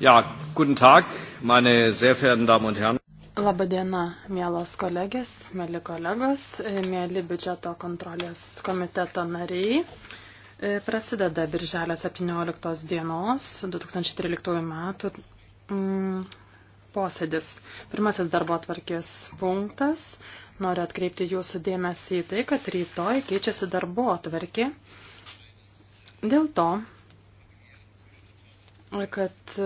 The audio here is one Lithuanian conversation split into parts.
Ja, guten Tag, meine sehr verehrten Damen und Herren. Labadiena, mielos kolegės, mėly kolegos, e, mėly biudžeto kontrolės komiteto nariai. E, prasideda birželio 17 dienos 2013 metų mm, posėdis. Pirmasis darbo atvarkės punktas. Noriu atkreipti jūsų dėmesį į tai, kad rytoj keičiasi darbo atvarkė. Dėl to kad e,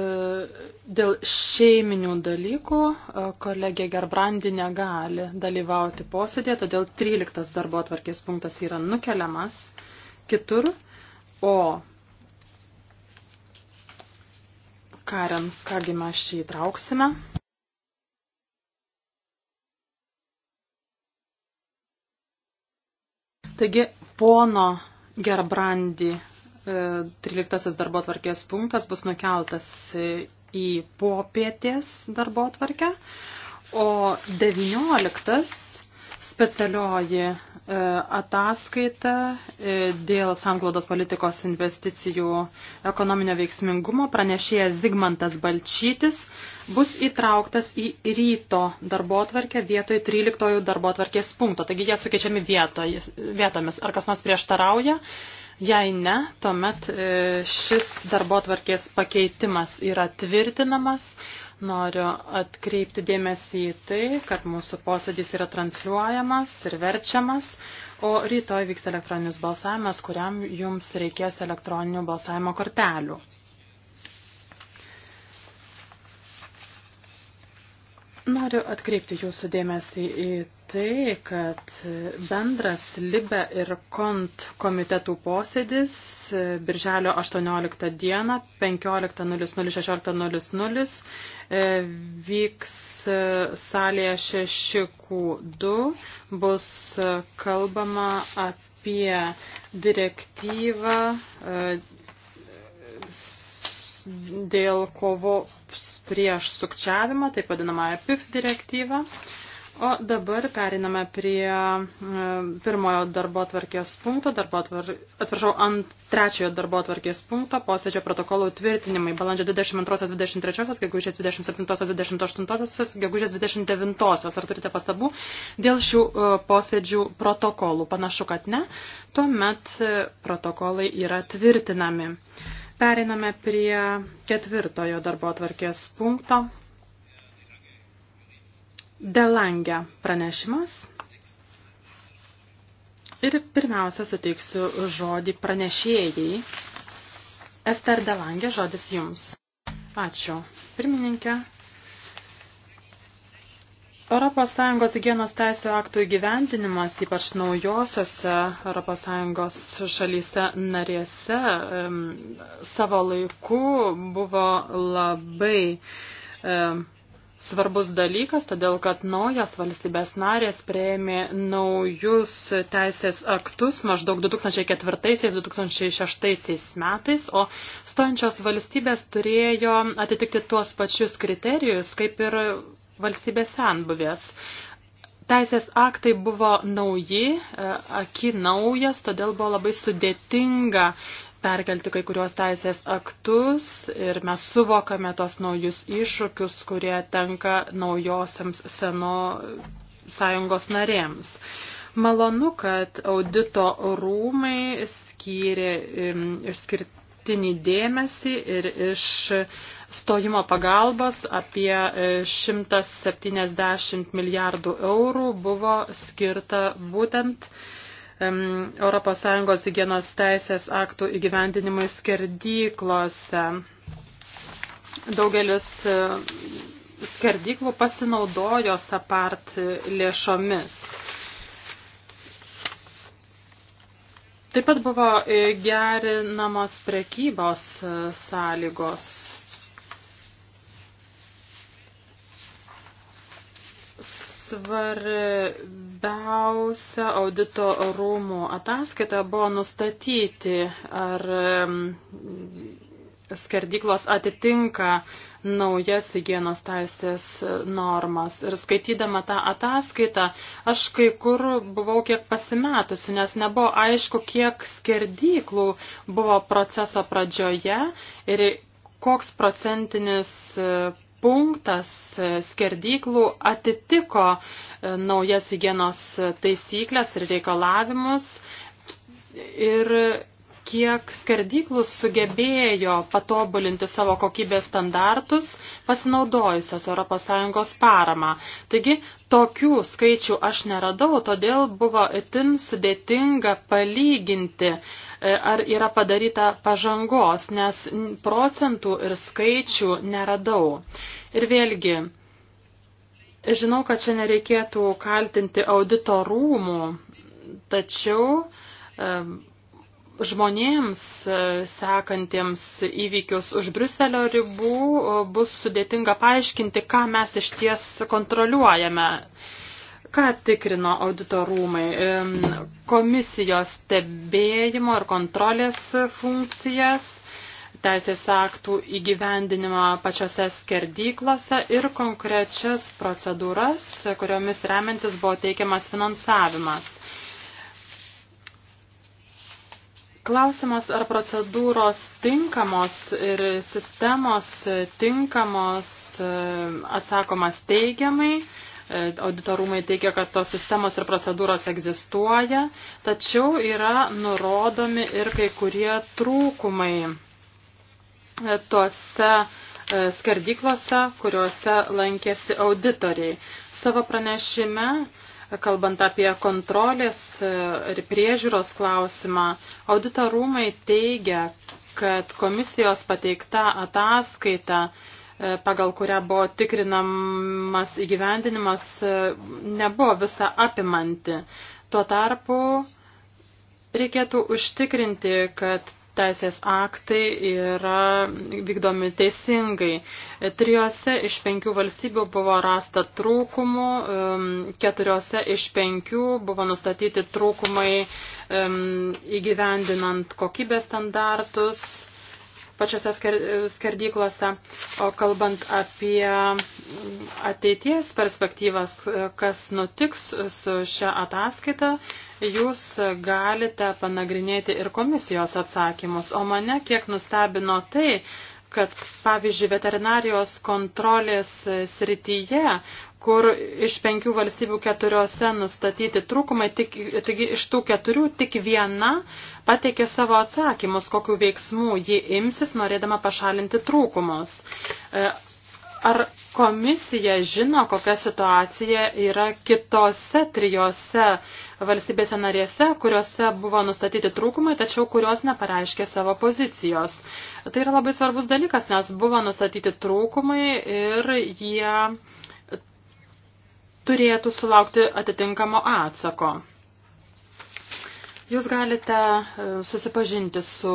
dėl šeiminių dalykų e, kolegė Gerbrandi negali dalyvauti posėdėje, todėl 13 darbo atvarkės punktas yra nukeliamas kitur, o Karen, kągi mes šį įtrauksime. Taigi, pono Gerbrandi 13 e, darbo tvarkės punktas bus nukeltas į popietės darbo tvarkę, o 19 specialioji e, ataskaita e, dėl sanglaudos politikos investicijų ekonominio veiksmingumo pranešėjas Zigmantas Balčytis bus įtrauktas į ryto darbotvarkę vietoj 13 darbotvarkės punkto. Taigi jie sukeičiami vietomis. Ar kas nors prieštarauja? Jei ne, tuomet e, šis darbo tvarkės pakeitimas yra tvirtinamas. Noriu atkreipti dėmesį į tai, kad mūsų posėdis yra transliuojamas ir verčiamas, o rytoj vyks elektroninis balsavimas, kuriam jums reikės elektroninių balsavimo kortelių. Noriu atkreipti jūsų dėmesį į tai, kad bendras Libe ir Kont komitetų posėdis e, Birželio 18 dieną 15.00.16.00 e, vyks e, salėje 6Q2, bus kalbama apie direktyvą dėl kovo prieš sukčiavimą, taip vadinamąją PIF direktyvą. O dabar periname prie pirmojo darbo atvarkės punkto, darbo atvar... atvaršau, ant trečiojo darbo atvarkės punkto, posėdžio protokolų tvirtinimai, balandžio 22-23, gegužės 27-28, gegužės 29. Ar turite pastabų dėl šių e, posėdžių protokolų? Panašu, kad ne. Tuomet e, protokolai yra tvirtinami. Periname prie ketvirtojo darbo atvarkės punkto. Delangia pranešimas. Ir pirmiausia suteiksiu žodį pranešėjai. Ester Delangia, žodis jums. Ačiū, pirmininkė. ES hygienos teisų aktų įgyvendinimas, ypač naujosiose ES šalyse narėse, savo laiku buvo labai svarbus dalykas, todėl kad naujas valstybės narės prieėmė naujus teisės aktus maždaug 2004-2006 metais, o stojančios valstybės turėjo atitikti tuos pačius kriterijus, kaip ir valstybės senbuvės. Teisės aktai buvo nauji, e, aki naujas, todėl buvo labai sudėtinga perkelti kai kuriuos teisės aktus ir mes suvokame tos naujus iššūkius, kurie tenka naujosiams seno sąjungos narėms. Malonu, kad audito rūmai skyrė išskirtinį dėmesį ir iš stojimo pagalbos apie 170 e, milijardų eurų buvo skirta būtent ES hygienos teisės aktų įgyvendinimui skerdyklose. Daugelis e, skerdyklų pasinaudojo SAPART lėšomis. Taip pat buvo e, gerinamos prekybos sąlygos. svarbiausia audito rūmų ataskaita buvo nustatyti, ar skerdyklos atitinka naujas hygienos teisės normas. Ir skaitydama tą ataskaitą, aš kai kur buvau kiek pasimetusi, nes nebuvo aišku, kiek skerdyklų buvo proceso pradžioje ir koks procentinis punktas e, skerdyklų atitiko e, naujas hygienos taisyklės ir reikalavimus ir kiek skerdyklų sugebėjo patobulinti savo kokybės standartus, pasinaudojusios ES paramą. Taigi, tokių skaičių aš neradau, todėl buvo itin sudėtinga palyginti uh, E, ar yra padaryta pažangos, nes procentų ir skaičių neradau. Ir vėlgi, žinau, kad čia nereikėtų kaltinti audito rūmų, tačiau e, žmonėms e, sekantiems įvykius už Bruselio ribų bus sudėtinga paaiškinti, ką mes iš ties kontroliuojame. Ką tikrino auditorumai? Komisijos stebėjimo ir kontrolės funkcijas, teisės aktų įgyvendinimą pačiose skerdyklose ir konkrečias procedūras, kuriomis remiantis buvo teikiamas finansavimas. Klausimas, ar procedūros tinkamos ir sistemos tinkamos e, atsakomas teigiamai, auditorumai teigia, kad tos sistemos ir procedūros egzistuoja, tačiau yra nurodomi ir kai kurie trūkumai e, tuose e, skerdyklose, kuriuose lankėsi auditoriai. Savo pranešime e, kalbant apie kontrolės ir priežiūros klausimą, audito rūmai teigia, kad komisijos pateikta ataskaita E, pagal kurią buvo tikrinamas įgyvendinimas, e, nebuvo visa apimanti. Tuo tarpu reikėtų užtikrinti, kad teisės aktai yra vykdomi teisingai. E, Trijose iš penkių valstybių buvo rasta trūkumų, keturiose iš penkių buvo nustatyti trūkumai įgyvendinant kokybės standartus pačiose skerdyklose. O kalbant apie ateities perspektyvas, kas nutiks su šia ataskaita, jūs galite panagrinėti ir komisijos atsakymus. O mane kiek nustebino tai, kad, pavyzdžiui, veterinarijos kontrolės e, srityje, kur iš penkių valstybių keturiose nustatyti trūkumai, tik, tik iš tų keturių tik viena pateikė savo atsakymus, kokiu veiksmu ji imsis, norėdama pašalinti trūkumus. E, Ar komisija žino, kokia situacija yra kitose trijose valstybėse narėse, kuriuose buvo nustatyti trūkumai, tačiau kurios nepareiškė savo pozicijos? Tai yra labai svarbus dalykas, nes buvo nustatyti trūkumai ir jie turėtų sulaukti atitinkamo atsako. Jūs galite e, susipažinti su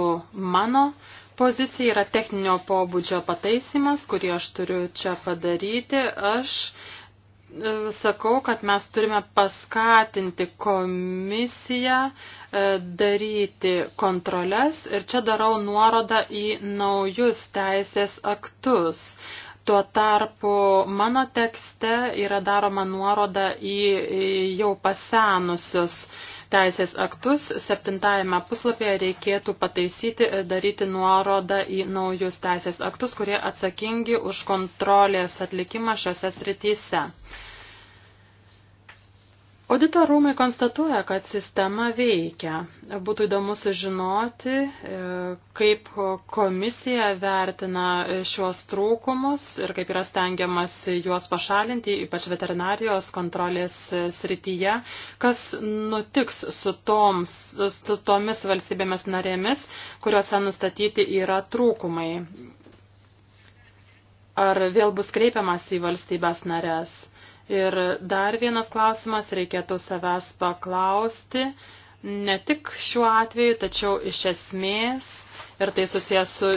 mano uh, pozicija yra techninio pobūdžio pataisimas, kurį aš turiu čia padaryti. Aš e, sakau, kad mes turime paskatinti komisiją e, daryti kontrolės ir čia darau nuorodą į naujus teisės aktus. Tuo tarpu mano tekste yra daroma nuoroda į jau pasenusius uh, teisės aktus, septintajame puslapyje reikėtų pataisyti ir e, daryti nuorodą į naujus teisės aktus, kurie atsakingi už kontrolės atlikimą šiose srityse. Audito rūmai konstatuoja, kad sistema veikia. Būtų įdomu sužinoti, e, kaip komisija vertina šios trūkumus ir kaip yra stengiamas juos pašalinti, ypač veterinarijos kontrolės srityje, kas nutiks su, toms, su tomis valstybėmis narėmis, kuriuose nustatyti yra trūkumai. Ar vėl bus kreipiamas į valstybės narės? Ir dar vienas klausimas reikėtų savęs paklausti, ne tik šiuo atveju, tačiau iš esmės, ir tai susijęs su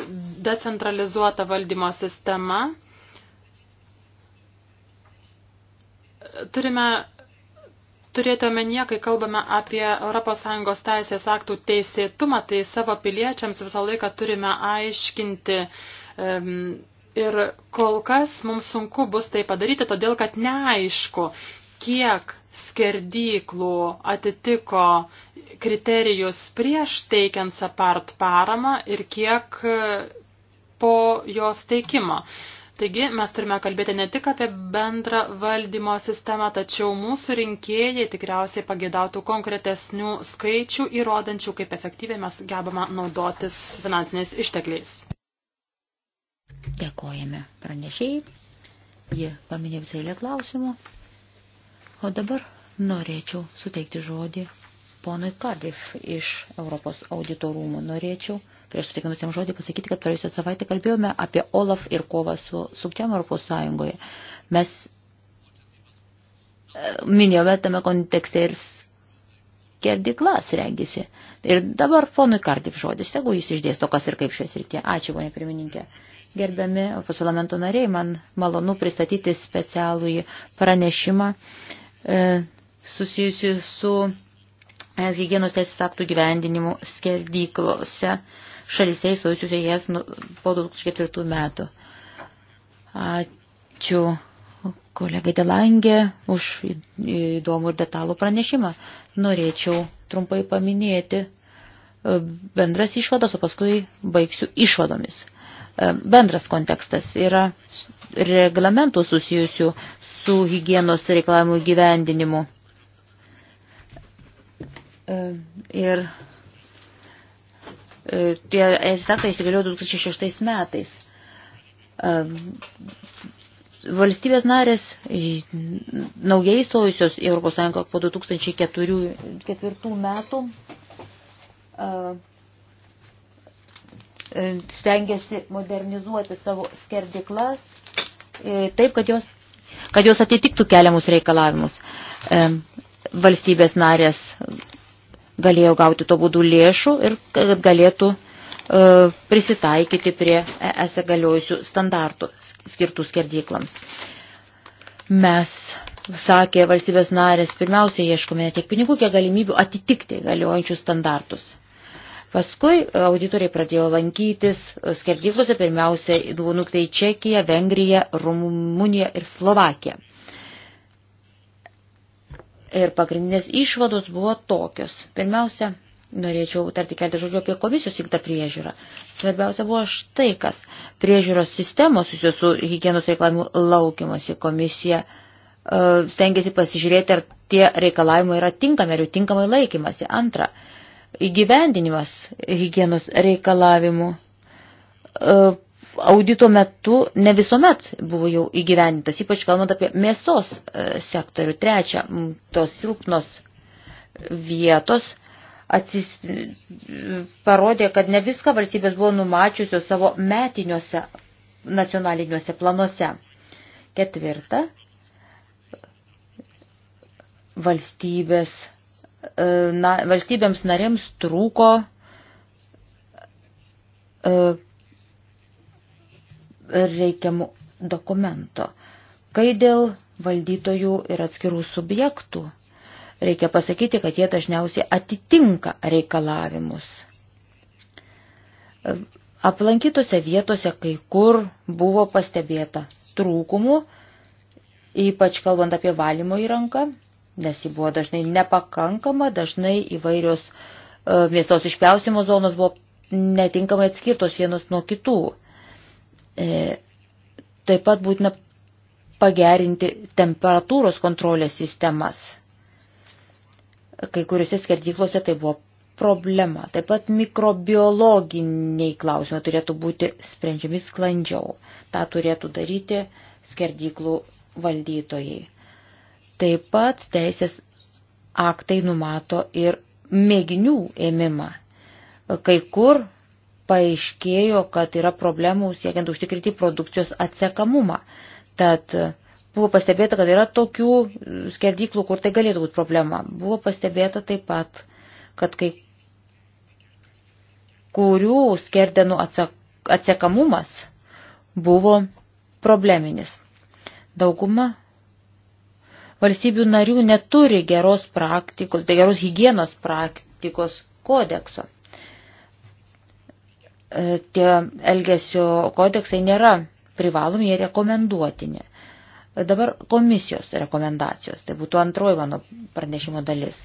decentralizuota valdymo sistema, turime turėti omenyje, kai kalbame apie ES teisės aktų teisėtumą, tai savo piliečiams visą laiką turime aiškinti, um, Ir kol kas mums sunku bus tai padaryti, todėl kad neaišku, kiek skerdyklų atitiko kriterijus prieš teikiant apart paramą ir kiek e, po jos teikimo. Taigi mes turime kalbėti ne tik apie bendrą valdymo sistemą, tačiau mūsų rinkėjai tikriausiai pagėdautų konkretesnių skaičių įrodančių, kaip efektyviai mes gebame naudotis finansiniais ištekliais. Dėkojame pranešėjai. Ji paminė visą eilę klausimų. O dabar norėčiau suteikti žodį ponui Cardiff iš Europos audito rūmų. Norėčiau prieš suteikdamas jam žodį pasakyti, kad praėjusią savaitę kalbėjome apie Olaf ir kovą su sukčiam Europos Sąjungoje. Mes e, minėjome tame kontekste ir skerdiklas rengėsi. Ir dabar ponui Cardiff žodis, jeigu jis išdėsto, kas ir kaip šios rytie. Ačiū, ponė pirmininkė. Gerbiami Europos parlamento nariai, man malonu pristatyti specialųjį pranešimą e, susijusi su es hygienos teisės aktų gyvendinimu skeldyklose šalyse įstojusiuose jas nu, po 2004 metų. Ačiū kolegai Delangė už įdomų ir detalų pranešimą. Norėčiau trumpai paminėti e, bendras išvadas, o paskui baigsiu išvadomis. E, bendras kontekstas yra reglamentų susijusių su hygienos reikalavimų gyvendinimu. E, ir e, tie esaktai įsigaliojo 2006 metais. Valstybės narės naujai įstojusios Europos Sąjungą po 2004 metų E, stengiasi modernizuoti savo skerdiklas e, taip, kad jos, kad jos atitiktų keliamus reikalavimus. E, valstybės narės galėjo gauti to būdų lėšų ir kad galėtų prisitaikyti prie ES galiojusių standartų skirtų skerdyklams. Mes, sakė valstybės narės, pirmiausia ieškome ne tiek pinigų, kiek galimybių atitikti galiojančius standartus. Paskui e, auditoriai pradėjo lankytis e, skerdyklose, pirmiausia, buvo nuktai Čekija, Vengrija, Rumunija ir Slovakija. Ir pagrindinės išvados buvo tokios. Pirmiausia, norėčiau tarti keltą žodžių apie komisijos įgtą priežiūrą. Svarbiausia buvo štai kas. Priežiūros sistemos susijusios su hygienos reikalavimų laukiamasi komisija e, stengiasi pasižiūrėti, ar tie reikalavimai yra tinkami, ar jų tinkamai laikymasi. Antra, įgyvendinimas hygienos reikalavimų e, audito metu ne visuomet buvo jau įgyvendintas, ypač kalbant apie mėsos e, sektorių. Trečia, tos silpnos vietos atsis, parodė, kad ne viską valstybės buvo numačiusios savo metiniuose nacionaliniuose planuose. Ketvirta, valstybės E, na, valstybėms narėms trūko e, reikiamų dokumento. Kai dėl valdytojų ir atskirų subjektų, reikia pasakyti, kad jie dažniausiai atitinka reikalavimus. E, aplankytose vietose kai kur buvo pastebėta trūkumų, ypač kalbant apie valymo įrangą, nes ji buvo dažnai nepakankama, dažnai įvairios e, mėsos išpjausimo zonos buvo netinkamai atskirtos vienos nuo kitų. E, taip pat būtina pagerinti temperatūros kontrolės sistemas. Kai kuriuose skerdyklose tai buvo problema. Taip pat mikrobiologiniai klausimai turėtų būti sprendžiami sklandžiau. Ta turėtų daryti skerdyklų valdytojai. Taip pat teisės aktai numato ir mėginių ėmimą. Kai kur paaiškėjo, kad yra problemų siekiant užtikrinti produkcijos atsekamumą. Tad buvo pastebėta, kad yra tokių skerdyklų, kur tai galėtų būti problema. Buvo pastebėta taip pat, kad kai kurių skerdenų atsekamumas buvo probleminis. Dauguma valstybių narių neturi geros praktikos, tai geros hygienos praktikos kodekso. E, tie elgesio kodeksai nėra privalomi, jie rekomenduotini. E, dabar komisijos rekomendacijos, tai būtų antroji mano pranešimo dalis.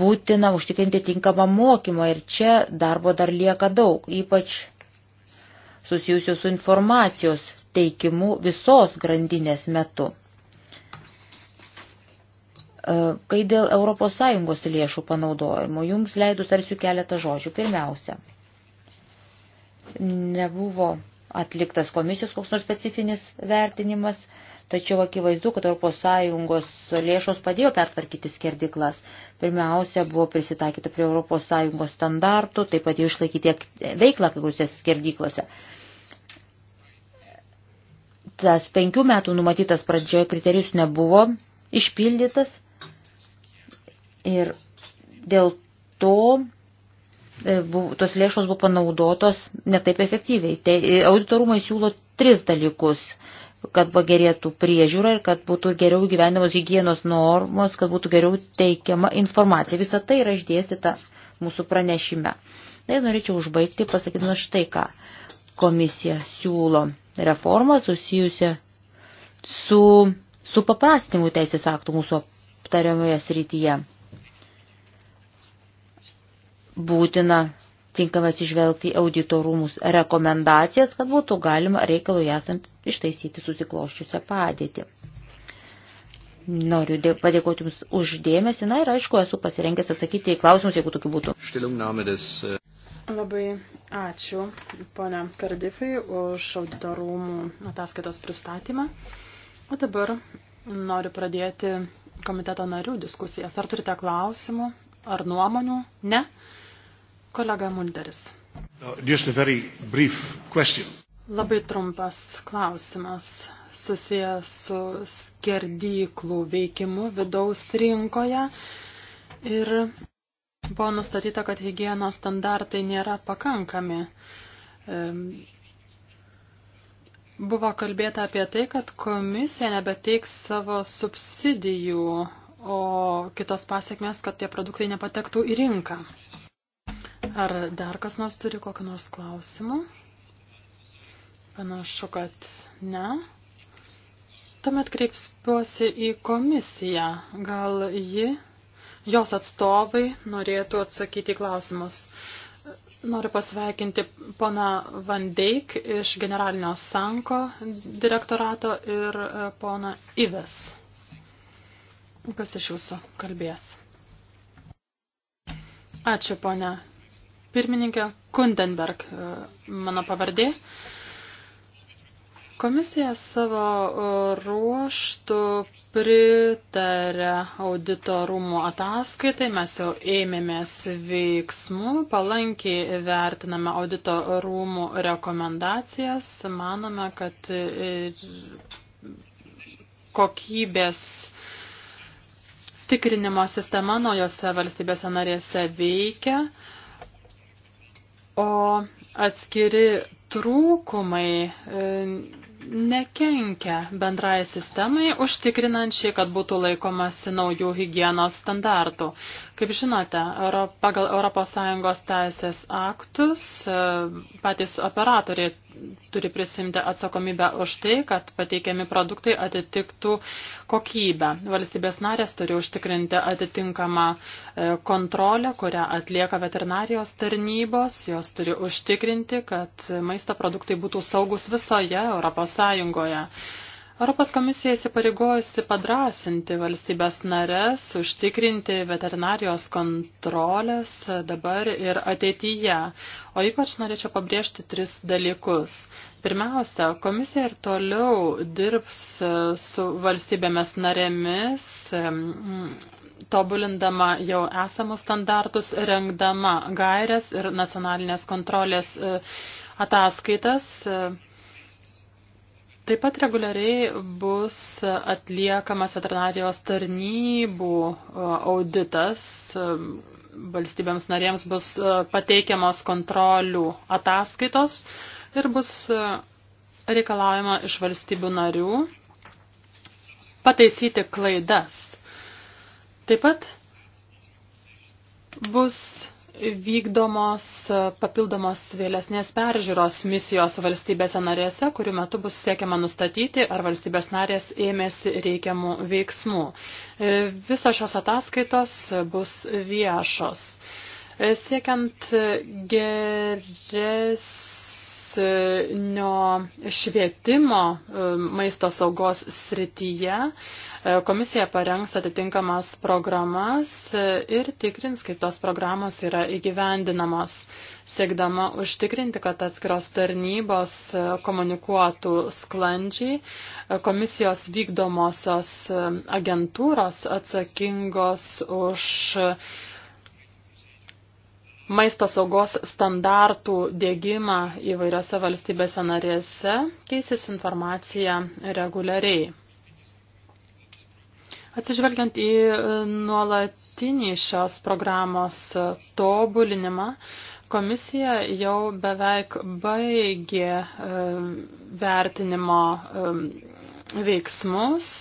Būtina užtikrinti tinkamą mokymą ir čia darbo dar lieka daug, ypač susijusios su informacijos teikimu visos grandinės metu. E, kai dėl ES lėšų panaudojimo, jums leidus tarsiu keletą žodžių. Pirmiausia, nebuvo atliktas komisijos koks nors specifinis vertinimas, tačiau akivaizdu, kad ES lėšos padėjo pertvarkyti skerdiklas. Pirmiausia, buvo prisitaikyta prie ES standartų, taip pat jau išlaikyti veiklą kai kuriuose skerdiklose. Tas penkių metų numatytas pradžioje kriterijus nebuvo išpildytas Ir dėl to e, tos lėšos buvo panaudotos netaip efektyviai. Tai auditorumai siūlo tris dalykus kad pagerėtų priežiūra ir kad būtų geriau gyvenimos hygienos normos, kad būtų geriau teikiama informacija. Visą tai yra išdėstyta mūsų pranešime. Ir norėčiau užbaigti pasakydama štai ką. Komisija siūlo reformą susijusią su, su paprastinimu teisės aktų mūsų aptariamoje srityje būtina tinkamai atsižvelgti į auditorumus rekomendacijas, kad būtų galima reikalų esant ištaisyti susikloščiusią padėtį. Noriu padėkoti Jums uždėmesi, na ir aišku, esu pasirengęs atsakyti į klausimus, jeigu tokių būtų. Äh, Labai ačiū, ponia Kardifai, už auditorumų ataskaitos pristatymą. O dabar noriu pradėti komiteto narių diskusijas. Ar turite klausimų ar nuomonių? Ne? Kolega Mulderis. Uh, Labai trumpas klausimas susijęs su skerdyklų veikimu vidaus rinkoje ir buvo nustatyta, kad hygienos standartai nėra pakankami. Buvo kalbėta apie tai, kad komisija nebeteiks savo subsidijų, o kitos pasiekmes, kad tie produktai nepatektų į rinką. Ar dar kas nors turi kokį nors klausimų? Panašu, kad ne. Tuomet kreipsiuosi į komisiją. Gal ji, jos atstovai norėtų atsakyti klausimus. Noriu pasveikinti pona Vandeik iš generalinio Sanko direktorato ir e, pona Ives. Kas iš jūsų kalbės? Ačiū, ponia pirmininkė Kundenberg, e, mano pavardė. Komisija savo e, ruoštų pritarė auditorumų ataskaitai, mes jau ėmėmės veiksmų, palankiai vertiname auditorumų rekomendacijas, manome, kad e, kokybės tikrinimo sistema naujose valstybėse narėse veikia o atskiri trūkumai e, nekenkia bendrai sistemai, užtikrinančiai, kad būtų laikomasi naujų hygienos standartų. Kaip žinote, pagal ES teisės aktus e, patys operatoriai turi prisimti atsakomybę už tai, kad pateikiami produktai atitiktų kokybę. Valstybės narės turi užtikrinti atitinkamą e, kontrolę, kurią atlieka veterinarijos tarnybos. Jos turi užtikrinti, kad maisto produktai būtų saugus visoje ES. Europos komisija įsipareigojusi padrasinti valstybės nares, užtikrinti veterinarijos kontrolės dabar ir ateityje. O ypač norėčiau pabrėžti tris dalykus. Pirmiausia, komisija ir toliau dirbs su valstybėmis narėmis, tobulindama jau esamus standartus, rengdama gairias ir nacionalinės kontrolės e, ataskaitas Taip pat reguliariai bus atliekamas veterinarijos tarnybų e, auditas. E, valstybėms narėms bus e, pateikiamos kontrolių ataskaitos ir bus reikalaujama iš valstybių narių pataisyti klaidas. Taip pat bus vykdomos papildomos vėlesnės peržiūros misijos valstybėse narėse, kurių metu bus siekiama nustatyti, ar valstybės narės ėmėsi reikiamų veiksmų. E, visos šios ataskaitos bus viešos. E, siekiant geresnio švietimo e, maisto saugos srityje, Komisija parengs atitinkamas programas ir tikrins, kaip tos programos yra įgyvendinamos, siekdama užtikrinti, kad atskiros tarnybos komunikuotų sklandžiai. Komisijos vykdomosios agentūros atsakingos už maisto saugos standartų dėgymą įvairiose valstybėse narėse keisis informacija reguliariai. Atsižvelgiant į e, nuolatinį šios programos e, tobulinimą, komisija jau beveik baigė e, vertinimo veiksmus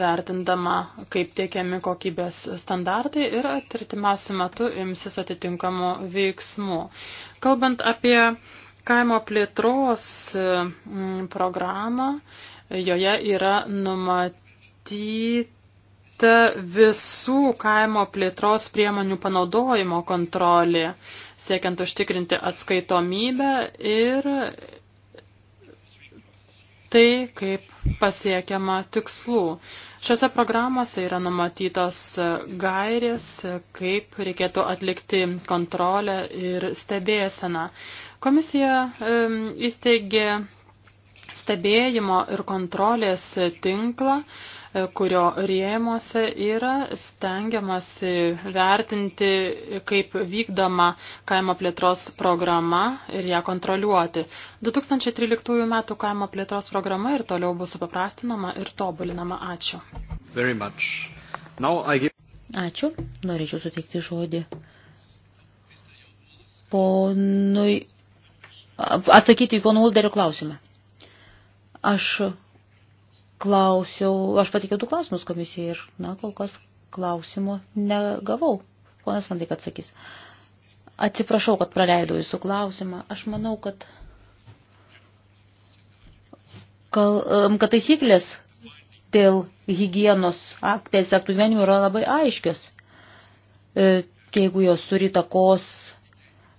vertindama, kaip tiekiami kokybės standartai ir artimiausiu metu imsis atitinkamų veiksmų. Kalbant apie kaimo plėtros programą, joje yra numatyti visų kaimo plėtros priemonių panaudojimo kontrolė, siekiant užtikrinti atskaitomybę ir tai, kaip pasiekiama tikslų. Šiuose programuose yra numatytos gairės, kaip reikėtų atlikti kontrolę ir stebėseną. Komisija įsteigė stebėjimo ir kontrolės tinklą, kurio rėmuose yra stengiamasi vertinti, kaip vykdoma kaimo plėtros programa ir ją kontroliuoti. 2013 m. kaimo plėtros programa ir toliau bus supaprastinama ir tobulinama. Ačiū. Give... Ačiū. Norėčiau suteikti žodį ponui atsakyti į pono Ulderio klausimą. Aš klausiau, aš patikiau du klausimus komisijai ir, na, kol kas klausimo negavau. Ponas Vandai, kad sakys. Atsiprašau, kad praleidau jūsų klausimą. Aš manau, kad, kal, kad taisyklės dėl hygienos aktės aktų gyvenimų yra labai aiškios. E, jeigu jos turi takos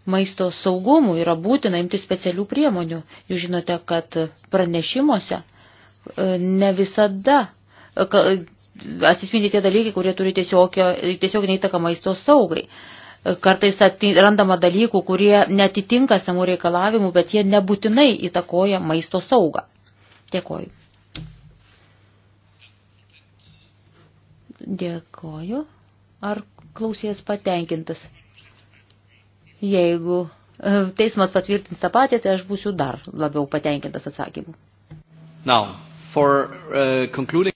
maisto saugumų, yra būtina imti specialių priemonių. Jūs žinote, kad pranešimuose E, ne visada e, atsispindi tie dalykai, kurie turi tiesioginį tiesiog įtaką maisto saugai. E, kartais randama dalykų, kurie netitinka samų reikalavimų, bet jie nebūtinai įtakoja maisto saugą. Dėkoju. Dėkoju. Ar klausėjas patenkintas? Jeigu teismas patvirtins tą patį, tai aš būsiu dar labiau patenkintas atsakymu. Now, for uh, concluding.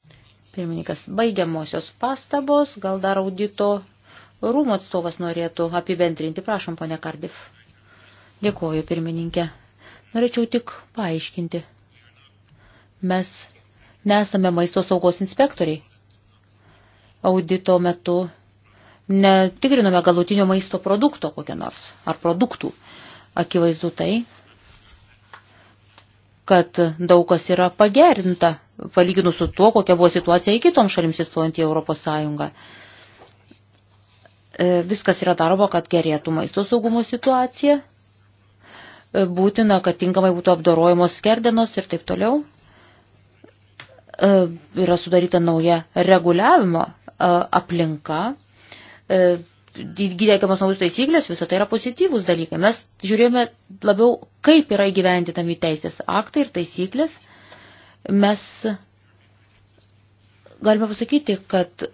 Pirmininkas, baigiamosios pastabos, gal dar audito rūmų atstovas norėtų apibendrinti, prašom, ponė Kardif. Dėkuoju, pirmininkė. Norėčiau tik paaiškinti. Mes nesame maisto saugos inspektoriai. Audito metu netikrinome galutinio maisto produkto kokią nors ar produktų. Akivaizdu tai, kad daug kas yra pagerinta, palyginus su tuo, kokia buvo situacija į kitoms šalims įstojant į Europos Sąjungą. E, viskas yra daroma, kad gerėtų maisto saugumo situacija, e, būtina, kad tinkamai būtų apdorojamos skerdenos ir taip toliau. E, yra sudaryta nauja reguliavimo aplinka, įdėkiamas naujus taisyklės, visą tai yra pozityvus dalykai. Mes žiūrėjome labiau, kaip yra įgyvendinami teisės aktai ir taisyklės. Mes galime pasakyti, kad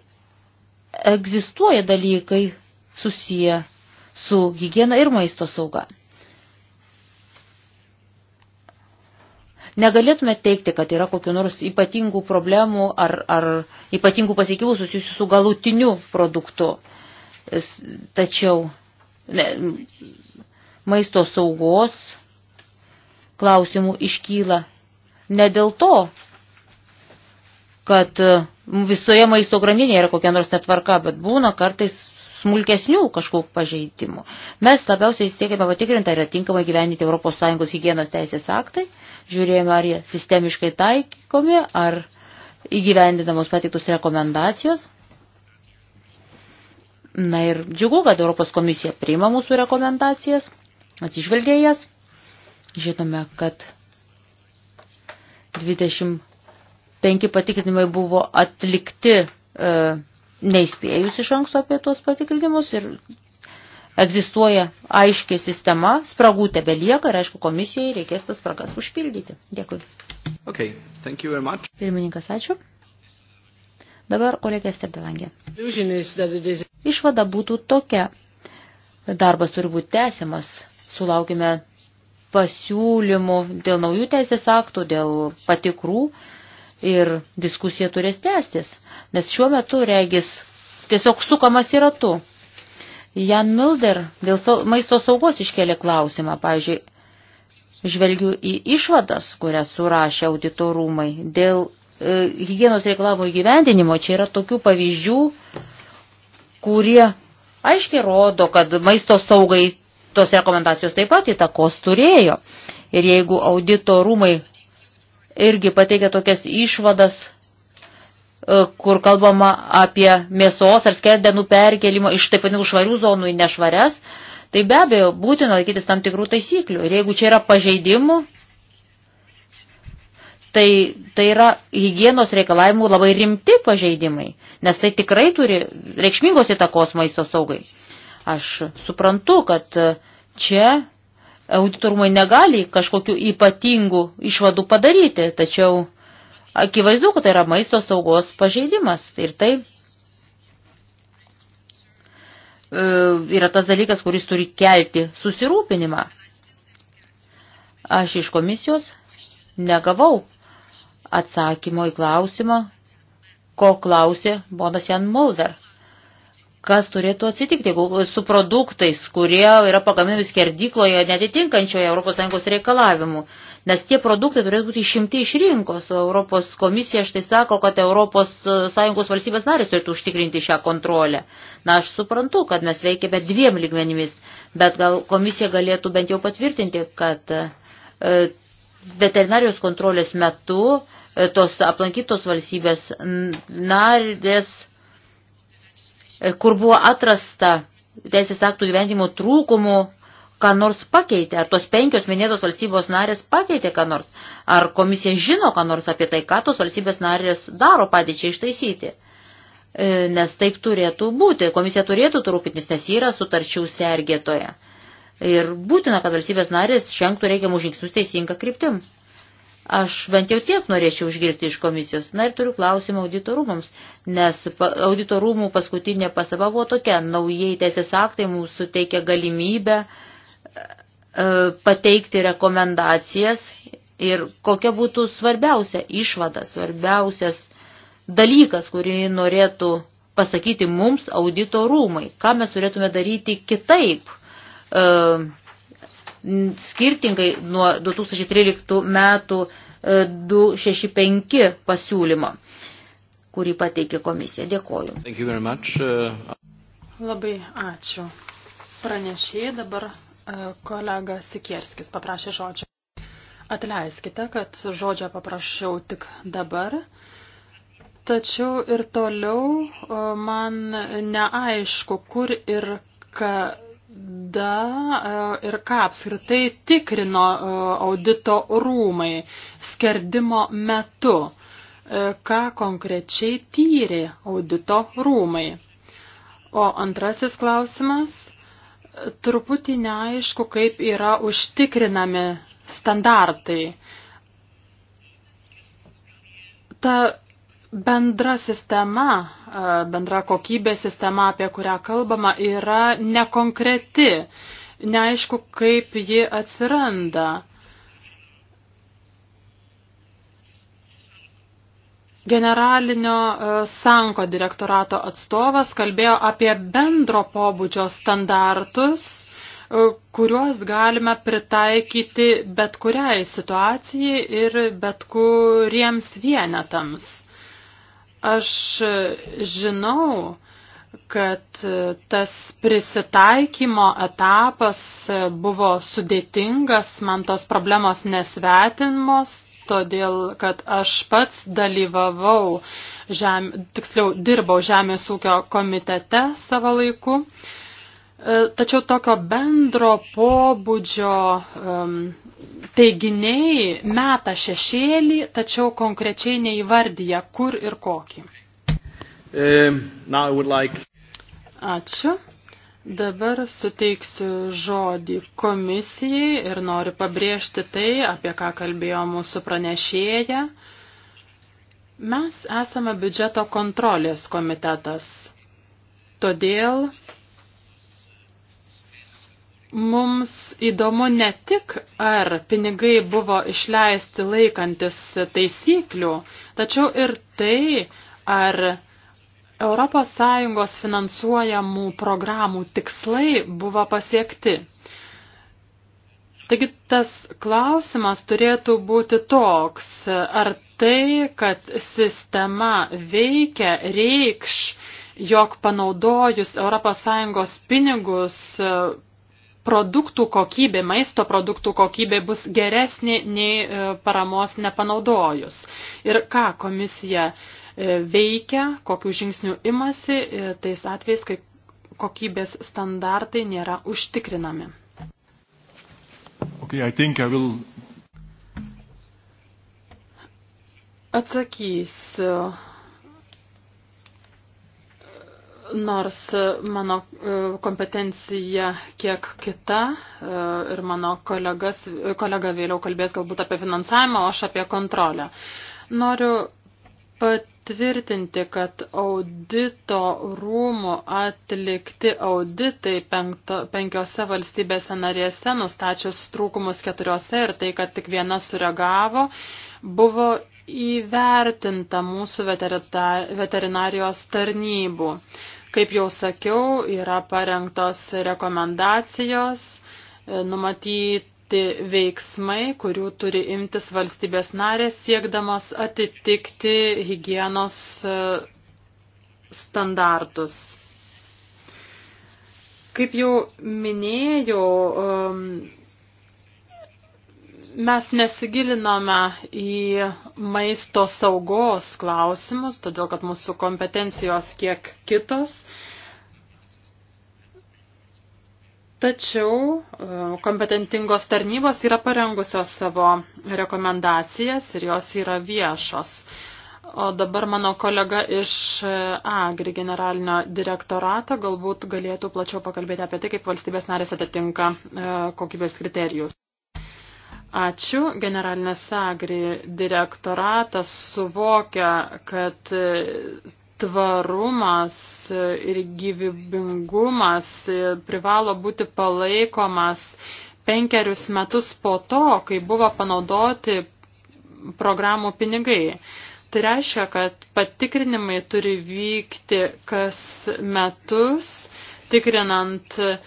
egzistuoja dalykai susiję su hygiena ir maisto sauga. Negalėtume teikti, kad yra kokiu nors ypatingų problemų ar, ar ypatingų pasiekimų susijusių su galutiniu produktu. Uh, tačiau ne, maisto saugos klausimų iškyla ne dėl to, kad e, visoje maisto grandinėje yra kokia nors netvarka, bet būna kartais smulkesnių kažkokių pažeidimų. Mes labiausiai siekėme patikrinti, ar yra tinkamai gyveninti ES hygienos teisės aktai, žiūrėjome, ar jie sistemiškai taikomi, ar įgyvendinamos patiktus rekomendacijos. Na ir džiugu, kad Europos komisija priima mūsų rekomendacijas, atsižvelgia jas. Žinome, kad 25 patikrinimai buvo atlikti e, neįspėjus iš anksto apie tuos patikrinimus ir egzistuoja aiškiai sistema, spragų tebelieka ir aišku komisijai reikės tas spragas užpildyti. Dėkui. Okay, thank you very much. Pirmininkas, ačiū. Dabar kolegė Stebelangė. Išvada būtų tokia. Darbas turi būti tęsiamas. Sulaukime pasiūlymų dėl naujų teisės aktų, dėl patikrų ir diskusija turės tęstis, nes šiuo metu regis tiesiog sukamas yra tu. Jan Mulder dėl maisto saugos iškėlė klausimą, pavyzdžiui, žvelgiu į išvadas, kurias surašė auditorumai, dėl e, hygienos reklamo įgyvendinimo, čia yra tokių pavyzdžių, kurie aiškiai rodo, kad maisto saugai tos rekomendacijos taip pat įtakos turėjo. Ir jeigu audito rūmai irgi pateikia tokias išvadas, e, kur kalbama apie mėsos ar skerdenų perkelimą iš taip vadinamų švarių zonų į nešvarias, tai be abejo būtina laikytis tam tikrų taisyklių. Ir jeigu čia yra pažeidimų, Tai, tai yra hygienos reikalavimų labai rimti pažeidimai, nes tai tikrai turi reikšmingos įtakos maisto saugai. Aš suprantu, kad čia auditorumai negali kažkokių ypatingų išvadų padaryti, tačiau akivaizdu, kad tai yra maisto saugos pažeidimas. Ir tai e, yra tas dalykas, kuris turi kelti susirūpinimą. Aš iš komisijos negavau atsakymo į klausimą, ko klausė Bonas Jan Mulder. Kas turėtų atsitikti, jeigu su produktais, kurie yra pagaminami skerdykloje netitinkančioje ES reikalavimų, nes tie produktai turėtų būti išimti iš rinkos, o Europos komisija štai sako, kad ES valstybės narės turėtų užtikrinti šią kontrolę. Na, aš suprantu, kad mes veikiame dviem lygmenimis, bet gal komisija galėtų bent jau patvirtinti, kad e, veterinarijos kontrolės metu uh, tos aplankytos valstybės narės, kur buvo atrasta teisės aktų gyventimo trūkumų, ką nors pakeitė, ar tos penkios minėtos valstybės narės pakeitė ką nors, ar komisija žino ką nors apie tai, ką tos valstybės narės daro padėčiai ištaisyti. E, nes taip turėtų būti. Komisija turėtų turūpintis, nes yra sutarčių sergėtoje. Ir būtina, kad valstybės narės šengtų reikiamų žingsnius teisinga kryptim. Aš bent jau tiek norėčiau išgirsti iš komisijos. Na ir turiu klausimą auditorumams, nes auditorumų paskutinė pasaba buvo tokia. Naujai teisės aktai mums suteikia galimybę e, pateikti rekomendacijas ir kokia būtų svarbiausia išvada, svarbiausias dalykas, kurį norėtų pasakyti mums audito rūmai, ką mes turėtume daryti kitaip, e, skirtingai nuo 2013 metų 265 e, pasiūlymo, kurį pateikė komisija. Dėkoju. Uh, Labai ačiū. Pranešėjai dabar e, kolega Sikierskis paprašė žodžio. Atleiskite, kad žodžio paprašiau tik dabar. Tačiau ir toliau e, man neaišku, kur ir ka, kada e, ir ką apskritai tikrino e, audito rūmai skerdimo metu, e, ką konkrečiai tyrė audito rūmai. O antrasis klausimas truputį neaišku, kaip yra užtikrinami standartai. Ta Bendra sistema, e, bendra kokybė sistema, apie kurią kalbama, yra nekonkreti. Neaišku, kaip ji atsiranda. Generalinio e, Sanko direktorato atstovas kalbėjo apie bendro pobūdžio standartus, e, kuriuos galime pritaikyti bet kuriai situacijai ir bet kuriems vienetams. Aš žinau, kad tas prisitaikymo etapas buvo sudėtingas, man tos problemos nesvetimos, todėl kad aš pats dalyvavau, žem, tiksliau dirbau Žemės ūkio komitete savo laiku. Uh, E, tačiau tokio bendro pobūdžio um, teiginiai meta šešėlį, tačiau konkrečiai neįvardyja, kur ir kokį. Um, like... Ačiū. Dabar suteiksiu žodį komisijai ir noriu pabrėžti tai, apie ką kalbėjo mūsų pranešėja. Mes esame biudžeto kontrolės komitetas. Todėl Mums įdomu ne tik, ar pinigai buvo išleisti laikantis taisyklių, tačiau ir tai, ar ES finansuojamų programų tikslai buvo pasiekti. Taigi tas klausimas turėtų būti toks, ar tai, kad sistema veikia, reikš, jog panaudojus ES pinigus produktų kokybė, maisto produktų kokybė bus geresnė nei e, paramos nepanaudojus. Ir ką komisija e, veikia, kokių žingsnių imasi e, tais atvejais, kai kokybės standartai nėra užtikrinami. Okay, I think I will... Atsakysiu Nors mano e, kompetencija kiek kita e, ir mano kolegas, kolega vėliau kalbės galbūt apie finansavimą, o aš apie kontrolę. Noriu patvirtinti, kad audito rūmų atlikti auditai penkto, penkiose valstybėse narėse, nustačius trūkumus keturiose ir tai, kad tik viena sureagavo, buvo įvertinta mūsų veterinarijos tarnybų. Kaip jau sakiau, yra parengtos rekomendacijos, e, numatyti veiksmai, kurių turi imtis valstybės narės siekdamos atitikti hygienos e, standartus. Kaip jau minėjau, e, Mes nesigilinome į maisto saugos klausimus, todėl kad mūsų kompetencijos kiek kitos. Tačiau e, kompetentingos tarnybos yra parengusios savo rekomendacijas ir jos yra viešos. O dabar mano kolega iš e, AGRI generalinio direktorato galbūt galėtų plačiau pakalbėti apie tai, kaip valstybės narės atitinka e, kokybės kriterijus. Ačiū. Generalinės Agri direktoratas suvokia, kad e, tvarumas ir gyvybingumas privalo būti palaikomas penkerius metus po to, kai buvo panaudoti programų pinigai. Tai reiškia, kad patikrinimai turi vykti kas metus, tikrinant uh,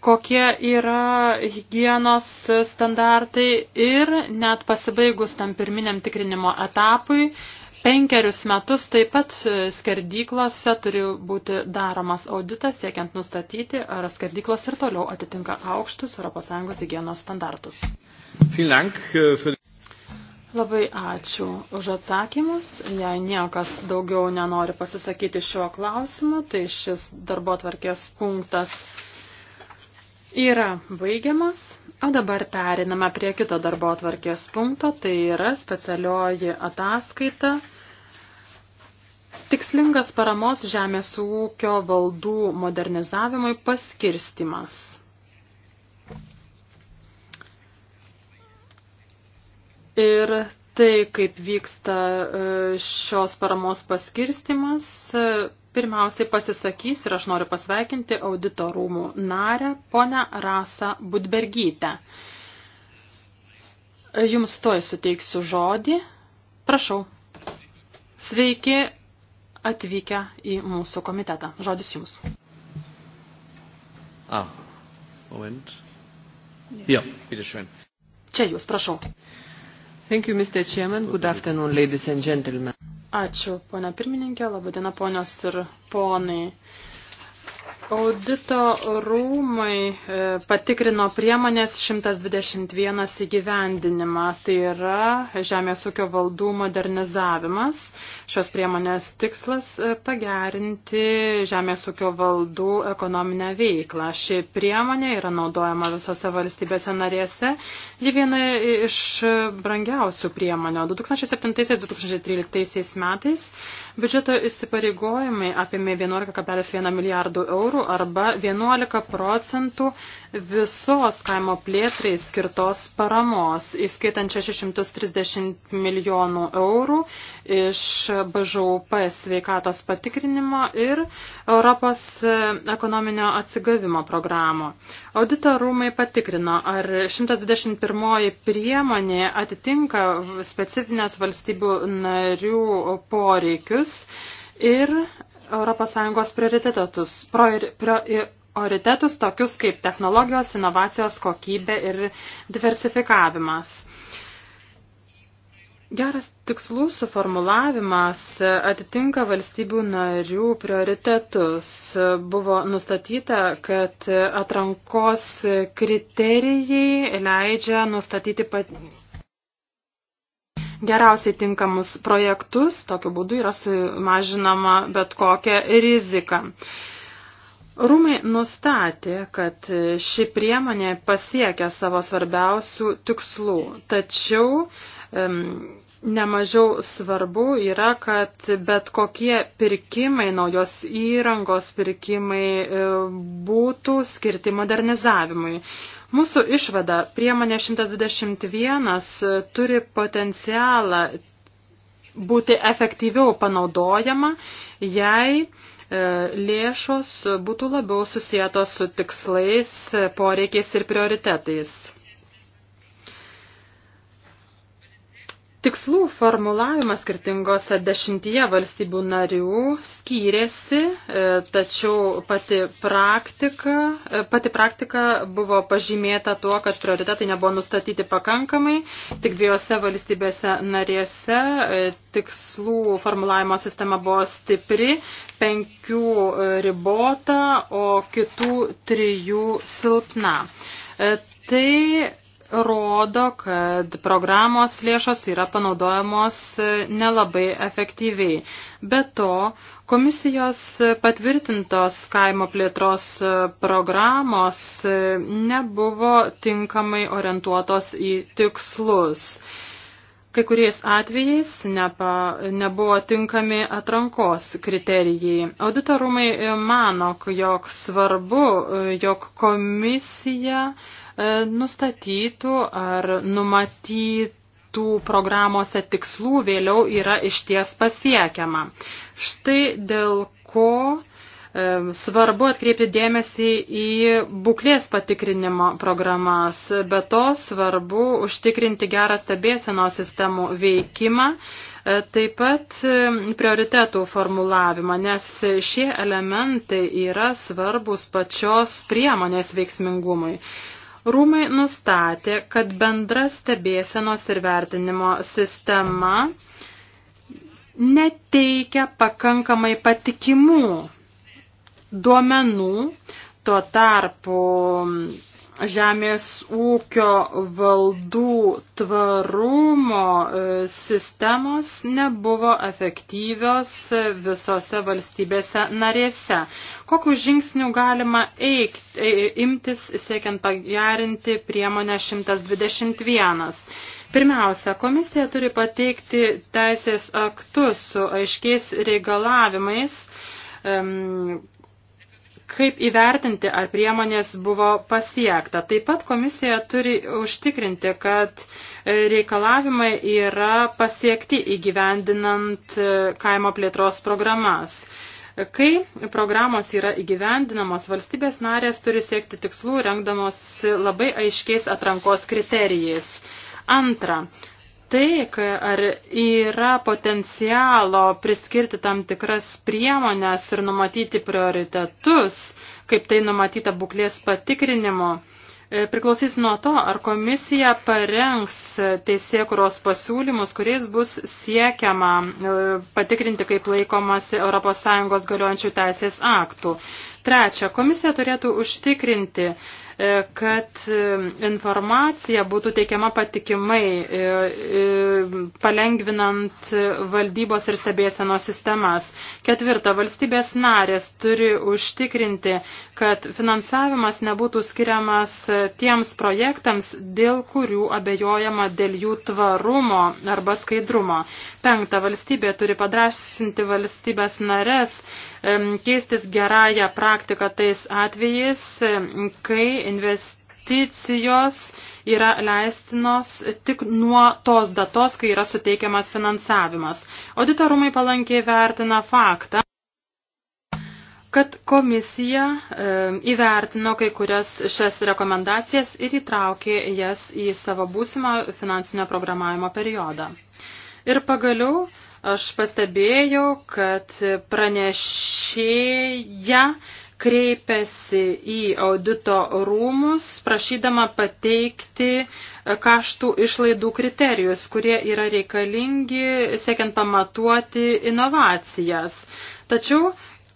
kokie yra hygienos standartai ir net pasibaigus tam pirminiam tikrinimo etapui, penkerius metus taip pat skerdyklose turi būti daromas auditas, siekiant nustatyti, ar skerdyklos ir toliau atitinka aukštus ES hygienos standartus. Äh, Labai ačiū už atsakymus. Jei niekas daugiau nenori pasisakyti šiuo klausimu, tai šis darbo tvarkės punktas yra baigiamas, o dabar periname prie kito darbo atvarkės punkto, tai yra specialioji ataskaita. Tikslingas paramos žemės ūkio valdų modernizavimui paskirstimas. Ir tai, kaip vyksta e, šios paramos paskirstimas, Pirmiausiai pasisakys ir aš noriu pasveikinti audito rūmų narę, ponę Rasą Budbergytę. Jums toj suteiksiu žodį. Prašau. Sveiki atvykę į mūsų komitetą. Žodis jums. Ah, moment. Yes. Ja, bitteschön. Čia jūs, prašau. Thank you, Mr. Chairman. Good afternoon, ladies and gentlemen. Ačiū, ponia pirmininkė, labadiena ponios ir ponai. Audito rūmai e, patikrino priemonės 121 įgyvendinimą, tai yra žemės ūkio valdų modernizavimas. Šios priemonės tikslas e, pagerinti žemės ūkio valdų ekonominę veiklą. Ši priemonė yra naudojama visose valstybėse narėse. Ji viena iš brangiausių priemonių. 2007-2013 metais biudžeto įsipareigojimai apėmė 11,1 milijardų eurų eurų arba 11 procentų visos kaimo plėtrai skirtos paramos, įskaitant 630 milijonų eurų iš BŽUP sveikatos patikrinimo ir Europos ekonominio atsigavimo programo. Audito rūmai patikrino, ar 121 priemonė atitinka specifines valstybių narių poreikius ir ES prioritetus, prioritetus tokius kaip technologijos, inovacijos, kokybė ir diversifikavimas. Geras tikslų suformulavimas atitinka valstybių narių prioritetus. Buvo nustatyta, kad atrankos kriterijai leidžia nustatyti geriausiai tinkamus projektus, tokiu būdu yra sumažinama bet kokia rizika. Rūmai nustatė, kad ši priemonė pasiekia savo svarbiausių tikslų, tačiau um, Nemažiau svarbu yra, kad bet kokie pirkimai, naujos įrangos pirkimai e, būtų skirti modernizavimui. Mūsų išvada priemonė 121 turi potencialą būti efektyviau panaudojama, jei e, lėšos būtų labiau susijętos su tikslais, poreikiais ir prioritetais. Tikslų formulavimas skirtingose dešimtyje valstybių narių skyrėsi, e, tačiau pati praktika, e, pati praktika buvo pažymėta tuo, kad prioritetai nebuvo nustatyti pakankamai, tik dviejose valstybėse narėse e, tikslų formulavimo sistema buvo stipri, penkių ribota, o kitų trijų silpna. Tai rodo, kad programos lėšos yra panaudojamos e, nelabai efektyviai. Be to, komisijos patvirtintos kaimo plėtros e, programos e, nebuvo tinkamai orientuotos į tikslus. Kai kuriais atvejais nepa, nebuvo tinkami atrankos kriterijai. Auditorumai mano, jog svarbu, jog komisija uh, E, nustatytų ar numatytų programuose tikslų vėliau yra išties pasiekiama. Štai dėl ko e, Svarbu atkreipti dėmesį į būklės patikrinimo programas, bet to svarbu užtikrinti gerą stebėsenos sistemų veikimą, e, taip pat prioritetų formulavimą, nes šie elementai yra svarbus pačios priemonės veiksmingumui. Rūmai nustatė, kad bendra stebėsenos ir vertinimo sistema neteikia pakankamai patikimų duomenų, tuo tarpu žemės ūkio valdų tvarumo e, sistemos nebuvo efektyvios visose valstybėse narėse. Kokiu žingsniu galima eikt, e, imtis siekiant pagerinti priemonę 121? Pirmiausia, komisija turi pateikti teisės aktus su aiškiais reikalavimais um, kaip įvertinti, ar priemonės buvo pasiekta. Taip pat komisija turi užtikrinti, kad e, reikalavimai yra pasiekti įgyvendinant e, kaimo plėtros programas. Kai programos yra įgyvendinamos, valstybės narės turi siekti tikslų, rengdamos labai aiškiais atrankos kriterijais. Antra, tai, ar yra potencialo priskirti tam tikras priemonės ir numatyti prioritetus, kaip tai numatyta būklės patikrinimo. E, priklausys nuo to, ar komisija parengs teisėkuros pasiūlymus, kuriais bus siekiama e, patikrinti, kaip laikomasi ES galiojančių teisės aktų. Trečia, komisija turėtų užtikrinti, E, kad e, informacija būtų teikiama patikimai, e, palengvinant valdybos ir stebėsenos sistemas. Ketvirta, valstybės narės turi užtikrinti, kad finansavimas nebūtų skiriamas tiems projektams, dėl kurių abejojama dėl jų tvarumo arba skaidrumo. Penkta, valstybė turi padrasinti valstybės narės, keistis gerąją praktiką tais atvejais, kai investicijos yra leistinos tik nuo tos datos, kai yra suteikiamas finansavimas. Auditorumai palankiai vertina faktą kad komisija e, įvertino kai kurias šias rekomendacijas ir įtraukė jas į savo būsimą finansinio programavimo periodą. Ir pagaliau Aš pastebėjau, kad pranešėja kreipėsi į audito rūmus, prašydama pateikti kaštų išlaidų kriterijus, kurie yra reikalingi siekiant pamatuoti inovacijas. Tačiau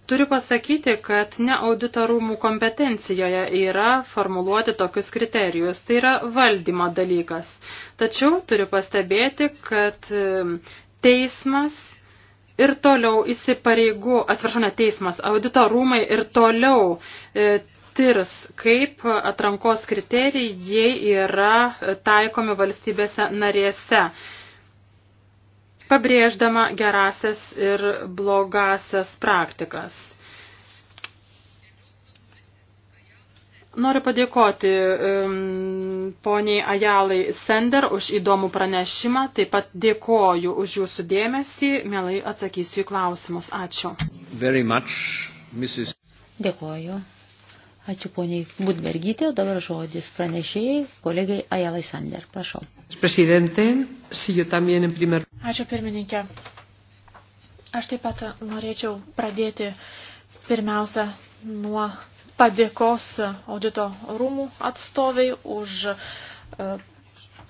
turiu pasakyti, kad ne audito rūmų kompetencijoje yra formuluoti tokius kriterijus. Tai yra valdymo dalykas. Tačiau turiu pastebėti, kad teismas ir toliau įsipareigų, atsiprašau, ne teismas, audito rūmai ir toliau e, tirs, kaip atrankos kriterijai yra taikomi valstybėse narėse, pabrėždama gerasias ir blogasias praktikas. Noriu padėkoti um, poniai Ajalai Sender už įdomų pranešimą, taip pat dėkoju už jūsų dėmesį, mielai atsakysiu į klausimus. Ačiū. Very much, Mrs. Dėkoju. Ačiū poniai Budbergytė, o dabar žodis pranešėjai kolegai Ajalai Sander. Prašau. Ačiū pirmininkė. Aš taip pat norėčiau pradėti pirmiausia nuo padėkos audito rūmų atstoviai už e,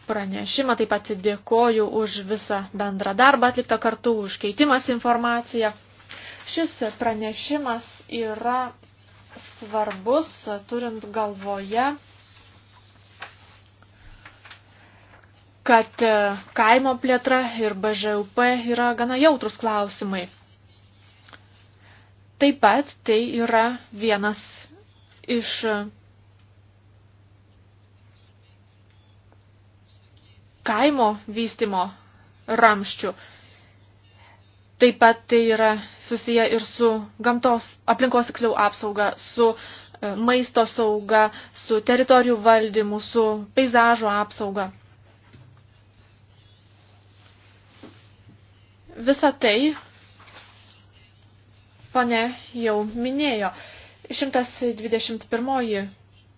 pranešimą. Taip pat dėkoju už visą bendrą darbą atliktą kartu, už keitimas informaciją. Šis pranešimas yra svarbus, turint galvoje, kad e, kaimo plėtra ir BŽUP yra gana jautrus klausimai. Taip pat tai yra vienas iš kaimo vystimo ramščių. Taip pat tai yra susiję ir su gamtos aplinkos tiksliau apsauga, su e, maisto sauga, su teritorijų valdymu, su peizažo apsauga. Visa tai pane jau minėjo. 121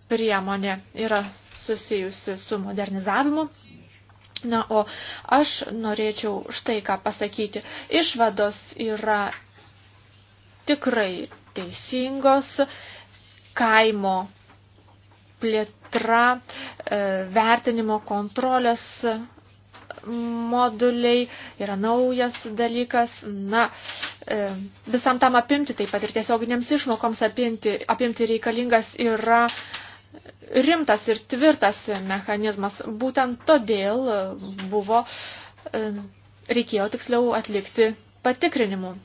priemonė yra susijusi su modernizavimu. Na, o aš norėčiau štai ką pasakyti. Išvados yra tikrai teisingos. Kaimo plėtra, e, vertinimo kontrolės moduliai yra naujas dalykas. Na, e, visam tam apimti, taip pat ir tiesioginėms išmokoms apimti, apimti reikalingas yra rimtas ir tvirtas mechanizmas. Būtent todėl buvo, e, reikėjo tiksliau atlikti patikrinimų.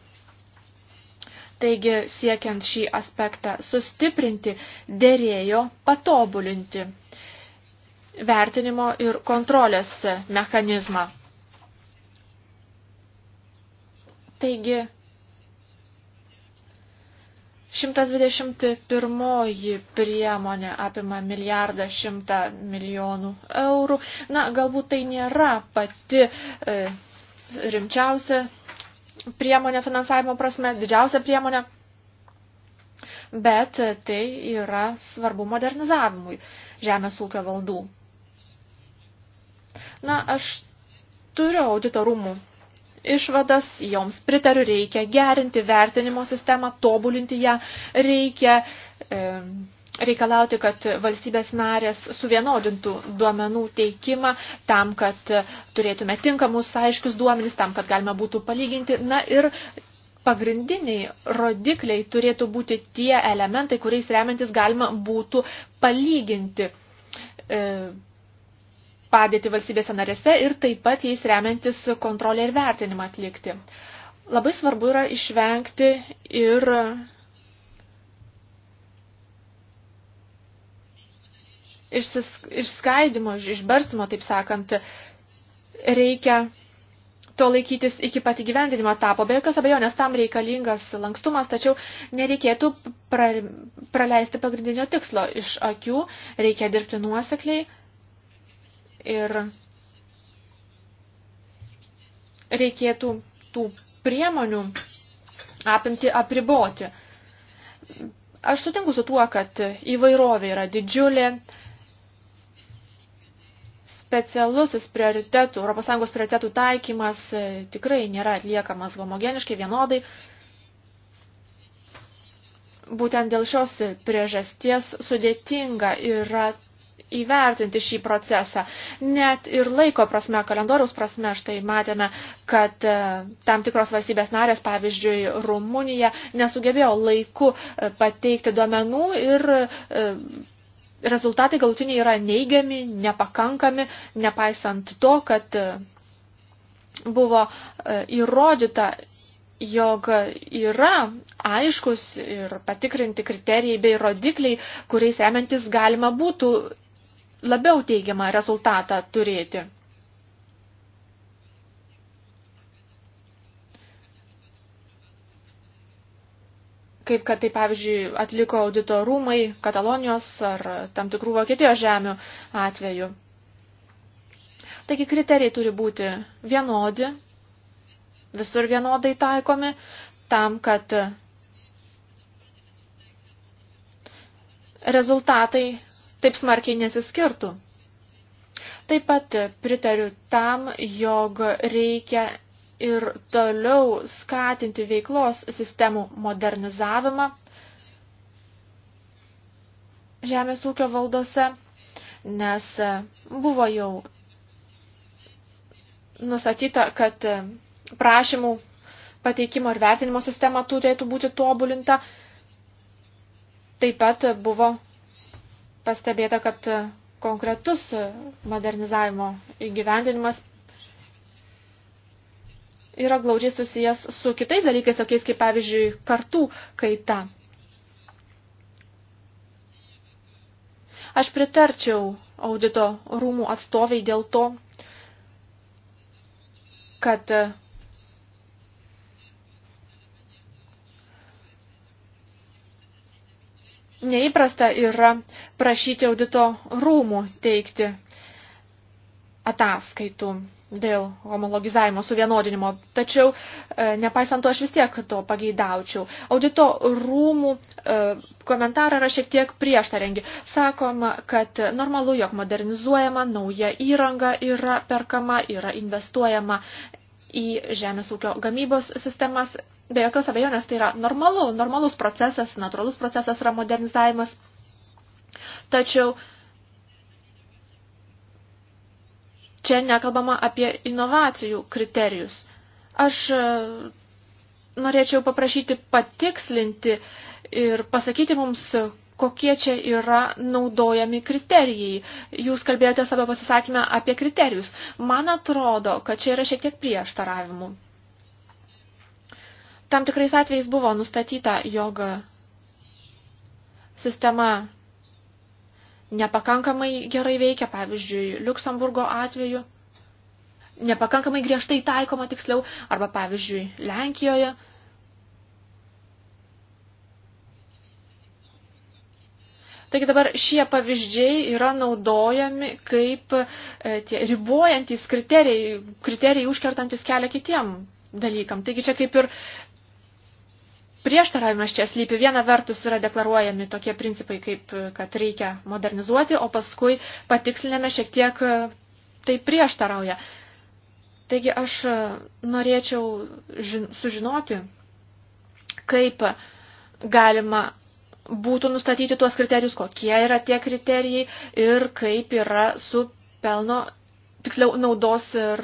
Taigi, siekiant šį aspektą sustiprinti, dėrėjo patobulinti vertinimo ir kontrolės mechanizmą. Taigi, 121 priemonė apima milijardą šimtą milijonų eurų. Na, galbūt tai nėra pati e, rimčiausia priemonė finansavimo prasme, didžiausia priemonė, bet tai yra svarbu modernizavimui žemės ūkio valdų. Na, aš turiu auditorumų išvadas, joms pritariu, reikia gerinti vertinimo sistemą, tobulinti ją, reikia e, reikalauti, kad valstybės narės suvienodintų duomenų teikimą tam, kad turėtume tinkamus, aiškius duomenis, tam, kad galima būtų palyginti. Na ir pagrindiniai rodikliai turėtų būti tie elementai, kuriais remiantis galima būtų palyginti. E, padėti valstybėse narėse ir taip pat jais remiantis kontrolę ir vertinimą atlikti. Labai svarbu yra išvengti ir išskaidimo, išbarstimo, taip sakant, reikia to laikytis iki pat įgyvendinimo etapo. Be jokios abejonės tam reikalingas lankstumas, tačiau nereikėtų pra, praleisti pagrindinio tikslo iš akių, reikia dirbti nuosekliai Ir reikėtų tų priemonių apimti apriboti. Aš sutinku su tuo, kad įvairovė yra didžiulė, specialusis prioritetų, ES prioritetų taikymas tikrai nėra atliekamas homogeniškai vienodai. Būtent dėl šios priežasties sudėtinga yra įvertinti šį procesą. Net ir laiko prasme, kalendoriaus prasme, štai matėme, kad e, tam tikros valstybės narės, pavyzdžiui, Rumunija, nesugebėjo laiku e, pateikti duomenų ir e, rezultatai galutiniai yra neigiami, nepakankami, nepaisant to, kad buvo įrodyta jog yra aiškus ir patikrinti kriterijai bei rodikliai, kuriais remiantis galima būtų labiau teigiamą rezultatą turėti. Kaip kad tai, pavyzdžiui, atliko audito rūmai Katalonijos ar tam tikrų Vokietijos žemių atveju. Taigi kriterijai turi būti vienodi, visur vienodai taikomi, tam, kad rezultatai taip smarkiai nesiskirtų. Taip pat pritariu tam, jog reikia ir toliau skatinti veiklos sistemų modernizavimą žemės ūkio valdose, nes buvo jau nustatyta, kad prašymų pateikimo ir vertinimo sistema turėtų būti tobulinta. Taip pat buvo pastebėta, kad konkretus modernizavimo įgyvendinimas yra glaudžiai susijęs su kitais dalykais, tokiais kaip pavyzdžiui kartų kaita. Aš pritarčiau audito rūmų atstoviai dėl to, kad neįprasta yra prašyti audito rūmų teikti ataskaitų dėl homologizavimo suvienodinimo. Tačiau, e, nepaisant to, aš vis tiek to pageidaučiau. Audito rūmų e, komentarai yra šiek tiek prieštarengi. Sakoma, kad normalu, jog modernizuojama, nauja įranga yra perkama, yra investuojama į žemės ūkio gamybos sistemas Be jokios abejonės tai yra normalu, normalus procesas, natūralus procesas yra modernizavimas. Tačiau čia nekalbama apie inovacijų kriterijus. Aš e, norėčiau paprašyti patikslinti ir pasakyti mums, kokie čia yra naudojami kriterijai. Jūs kalbėjote savo pasisakymę apie kriterijus. Man atrodo, kad čia yra šiek tiek prieštaravimų. Tam tikrais atvejais buvo nustatyta, jog sistema nepakankamai gerai veikia, pavyzdžiui, Luksemburgo atveju, nepakankamai griežtai taikoma tiksliau, arba pavyzdžiui, Lenkijoje. Taigi dabar šie pavyzdžiai yra naudojami kaip e, tie ribojantis kriterijai, kriterijai užkertantis kelią kitiem dalykam. Taigi čia kaip ir prieštaravimas čia slypi. Viena vertus yra deklaruojami tokie principai, kaip kad reikia modernizuoti, o paskui patikslinėme šiek tiek tai prieštarauja. Taigi aš norėčiau žin, sužinoti, kaip galima būtų nustatyti tuos kriterijus, kokie yra tie kriterijai ir kaip yra su pelno, tiksliau, naudos ir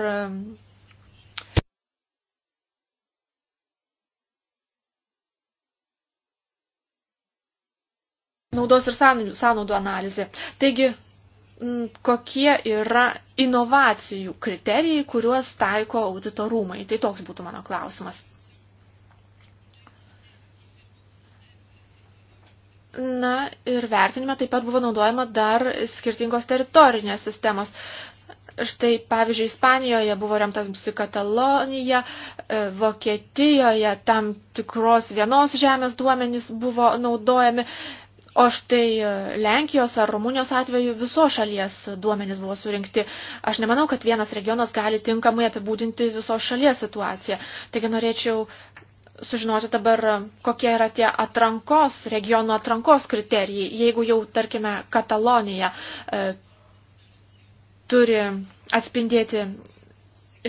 naudos ir sąnaudų analizė. Taigi, kokie yra inovacijų kriterijai, kuriuos taiko audito rūmai. Tai toks būtų mano klausimas. Na ir vertinime taip pat buvo naudojama dar skirtingos teritorinės sistemos. Štai, pavyzdžiui, Ispanijoje buvo remtasi Katalonija, e, Vokietijoje tam tikros vienos žemės duomenys buvo naudojami, O štai e, Lenkijos ar Rumunijos atveju viso šalies duomenys buvo surinkti. Aš nemanau, kad vienas regionas gali tinkamai apibūdinti visos šalies situaciją. Taigi norėčiau sužinoti dabar, kokie yra tie atrankos, regionų atrankos kriterijai. Jeigu jau, tarkime, Katalonija e, turi atspindėti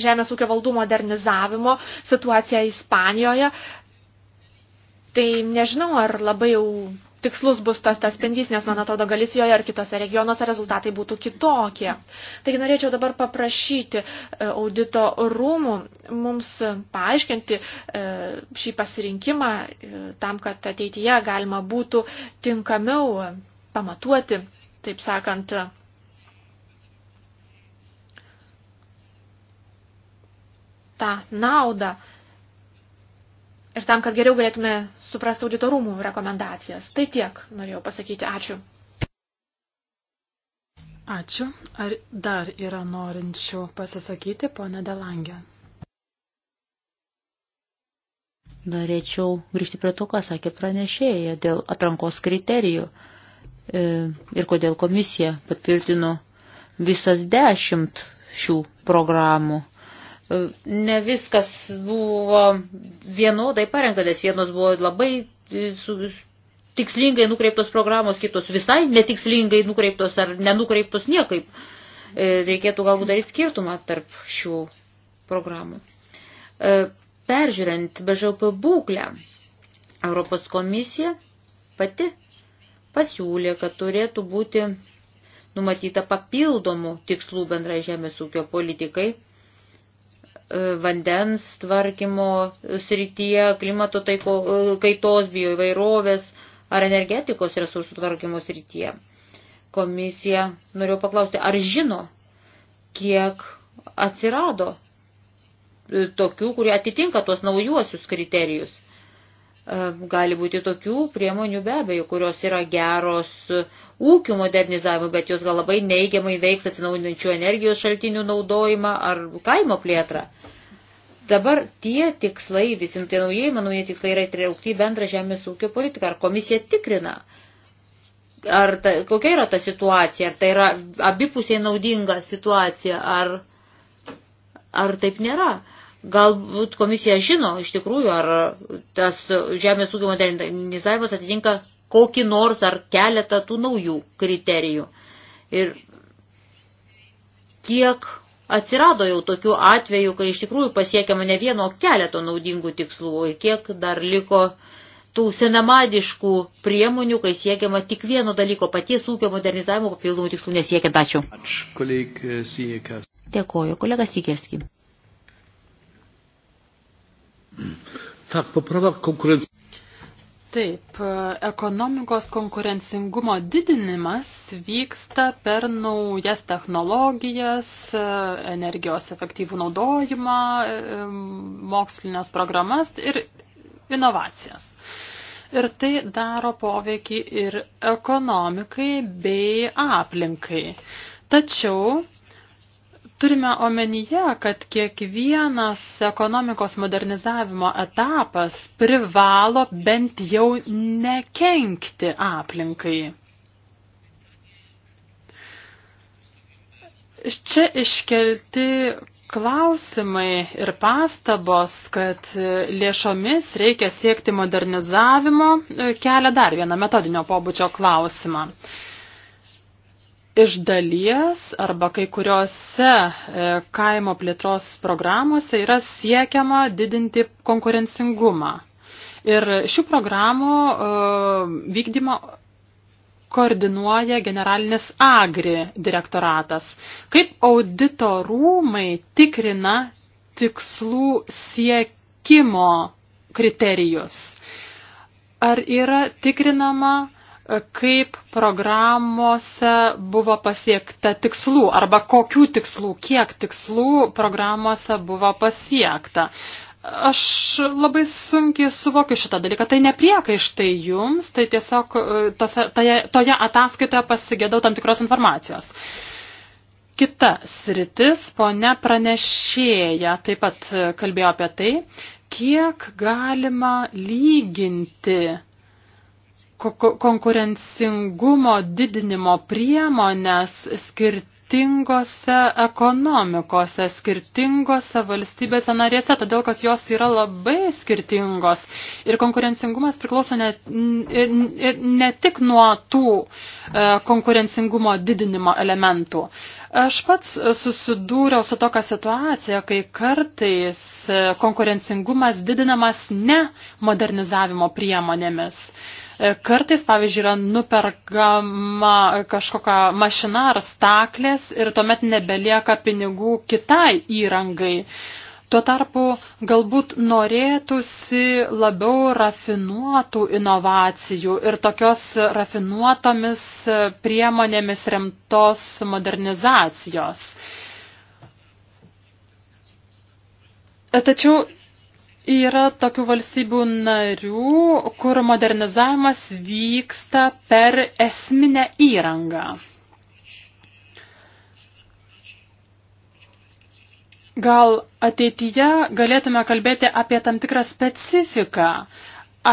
žemės ūkio valdų modernizavimo situaciją Ispanijoje, tai nežinau, ar labai jau tikslus bus tas, tas spendys, nes, man atrodo, Galicijoje ar kitose regionuose rezultatai būtų kitokie. Taigi norėčiau dabar paprašyti e, audito rūmų mums paaiškinti e, šį pasirinkimą e, tam, kad ateityje galima būtų tinkamiau pamatuoti, taip sakant, tą naudą ir tam, kad geriau galėtume suprasti auditorumų rekomendacijas. Tai tiek norėjau pasakyti. Ačiū. Ačiū. Ar dar yra norinčių pasisakyti, ponė Delangė? Norėčiau grįžti prie to, ką sakė pranešėja dėl atrankos kriterijų e, ir kodėl komisija patvirtino visas dešimt šių programų ne viskas buvo vienodai parengta, nes vienos buvo labai e, tikslingai nukreiptos programos, kitos visai netikslingai nukreiptos ar nenukreiptos niekaip. E, reikėtų galbūt daryti skirtumą tarp šių programų. E, peržiūrint BŽP būklę, Europos komisija pati pasiūlė, kad turėtų būti numatyta papildomų tikslų bendrai žemės ūkio politikai – E, vandens tvarkymo srityje, klimato taiko, e, kaitos, bioįvairovės ar energetikos resursų tvarkymo srityje. Komisija, noriu paklausti, ar žino, kiek atsirado e, tokių, kurie atitinka tuos naujuosius kriterijus. E, gali būti tokių priemonių be abejo, kurios yra geros ūkių modernizavimui, bet jos gal labai neigiamai veiks atsinaujinančių energijos šaltinių naudojimą ar kaimo plėtrą. Dabar tie tikslai, visim nu, tie naujieji, manau, jie tikslai yra įtraukti į bendrą žemės ūkio politiką. Ar komisija tikrina, ar ta, kokia yra ta situacija, ar tai yra abipusiai naudinga situacija, ar, ar taip nėra. Galbūt komisija žino iš tikrųjų, ar tas žemės ūkio modernizavimas atitinka kokį nors ar keletą tų naujų kriterijų. Ir kiek atsirado jau tokių atvejų, kai iš tikrųjų pasiekiama ne vieno keleto naudingų tikslų ir kiek dar liko tų senamadiškų priemonių, kai siekiama tik vieno dalyko paties ūkio modernizavimo papildomų tikslų nesiekiant. Ačiū. Ačiū kolega Dėkoju, kolega Sikerski. Taip, ekonomikos konkurencingumo didinimas vyksta per naujas technologijas, energijos efektyvų naudojimą, mokslinės programas ir inovacijas. Ir tai daro poveikį ir ekonomikai bei aplinkai. Tačiau Turime omenyje, kad kiekvienas ekonomikos modernizavimo etapas privalo bent jau nekenkti aplinkai. Čia iškelti klausimai ir pastabos, kad lėšomis reikia siekti modernizavimo, kelia dar vieną metodinio pobūdžio klausimą iš dalies arba kai kuriuose e, kaimo plėtros programuose yra siekiama didinti konkurencingumą. Ir šių programų e, vykdymo koordinuoja generalinis Agri direktoratas. Kaip audito rūmai tikrina tikslų siekimo kriterijus? Ar yra tikrinama kaip programuose buvo pasiekta tikslų arba kokių tikslų, kiek tikslų programuose buvo pasiekta. Aš labai sunkiai suvokiu šitą dalyką. Tai ne priekaištai jums, tai tiesiog e, tose, toje, toje ataskaitoje pasigėdau tam tikros informacijos. Kita sritis, ponia pranešėja, taip pat kalbėjo apie tai, kiek galima lyginti konkurencingumo didinimo priemonės skirtingose ekonomikose, skirtingose valstybėse narėse, todėl kad jos yra labai skirtingos. Ir konkurencingumas priklauso ne, ne tik nuo tų e, konkurencingumo didinimo elementų. Aš pats susidūriau su tokia situacija, kai kartais e, konkurencingumas didinamas ne modernizavimo priemonėmis. Kartais, pavyzdžiui, yra nupergama kažkokia mašina ar staklės ir tuomet nebelieka pinigų kitai įrangai. Tuo tarpu galbūt norėtųsi labiau rafinuotų inovacijų ir tokios rafinuotomis priemonėmis remtos modernizacijos. Tačiau Yra tokių valstybių narių, kur modernizavimas vyksta per esminę įrangą. Gal ateityje galėtume kalbėti apie tam tikrą specifiką,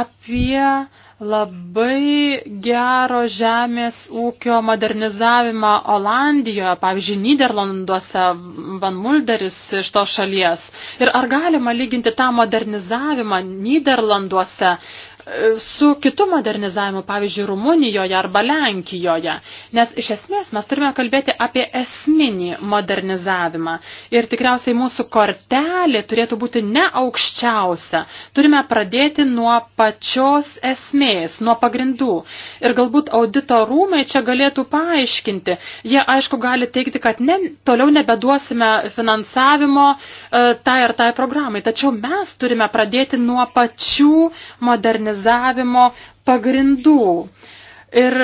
apie uh, labai gero žemės ūkio modernizavimą Olandijoje, pavyzdžiui, Niderlanduose, Van Mulderis iš to šalies. Ir ar galima lyginti tą modernizavimą Niderlanduose su kitu modernizavimu, pavyzdžiui, Rumunijoje arba Lenkijoje. Nes iš esmės mes turime kalbėti apie esminį modernizavimą. Ir tikriausiai mūsų kortelė turėtų būti ne aukščiausia. Turime pradėti nuo pačios esmės, nuo pagrindų. Ir galbūt audito rūmai čia galėtų paaiškinti. Jie, aišku, gali teikti, kad ne, toliau nebeduosime finansavimo e, tai ir tai programai. Tačiau mes turime pradėti nuo pačių modernizavimo liberalizavimo pagrindų. Ir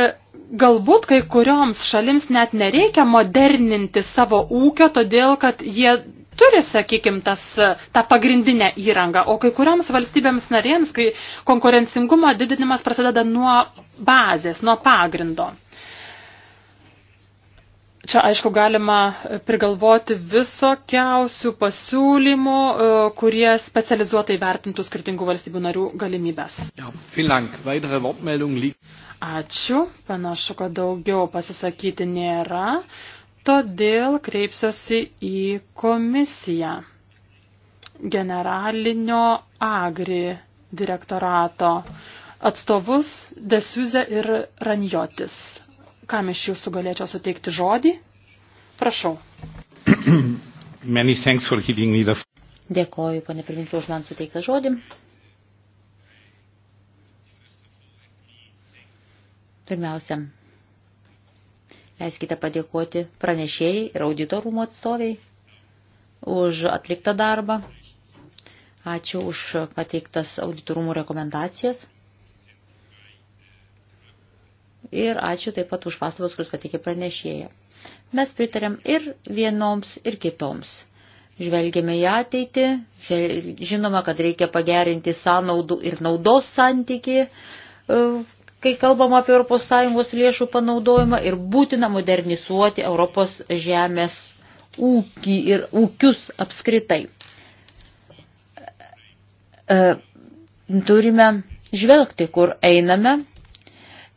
galbūt kai kurioms šalims net nereikia moderninti savo ūkio, todėl kad jie turi, sakykime, tas, tą pagrindinę įrangą, o kai kurioms valstybėms narėms, kai konkurencingumo didinimas prasideda nuo bazės, nuo pagrindo. Čia, aišku, galima prigalvoti visokiausių pasiūlymų, e, kurie specializuotai vertintų skirtingų valstybių narių galimybės. Ačiū. Panašu, kad daugiau pasisakyti nėra. Todėl kreipsiuosi į komisiją generalinio agri direktorato atstovus Desiuze ir Ranjotis. Kam iš jūsų galėčiau suteikti žodį? Prašau. Many thanks for giving me the... Dėkoju, pane pirmininkė, už man suteiktą žodį. Pirmiausia, leiskite padėkoti pranešėjai ir auditorumo atstoviai už atliktą darbą. Ačiū už pateiktas auditorumų rekomendacijas ir ačiū taip pat už pastabas, kurius patikė pranešėja. Mes pritarėm ir vienoms, ir kitoms. Žvelgėme į ateitį, žinoma, kad reikia pagerinti sąnaudų ir naudos santyki, e, kai kalbam apie ES lėšų panaudojimą ir būtina modernizuoti Europos žemės ūkį ir ūkius apskritai. E, turime žvelgti, kur einame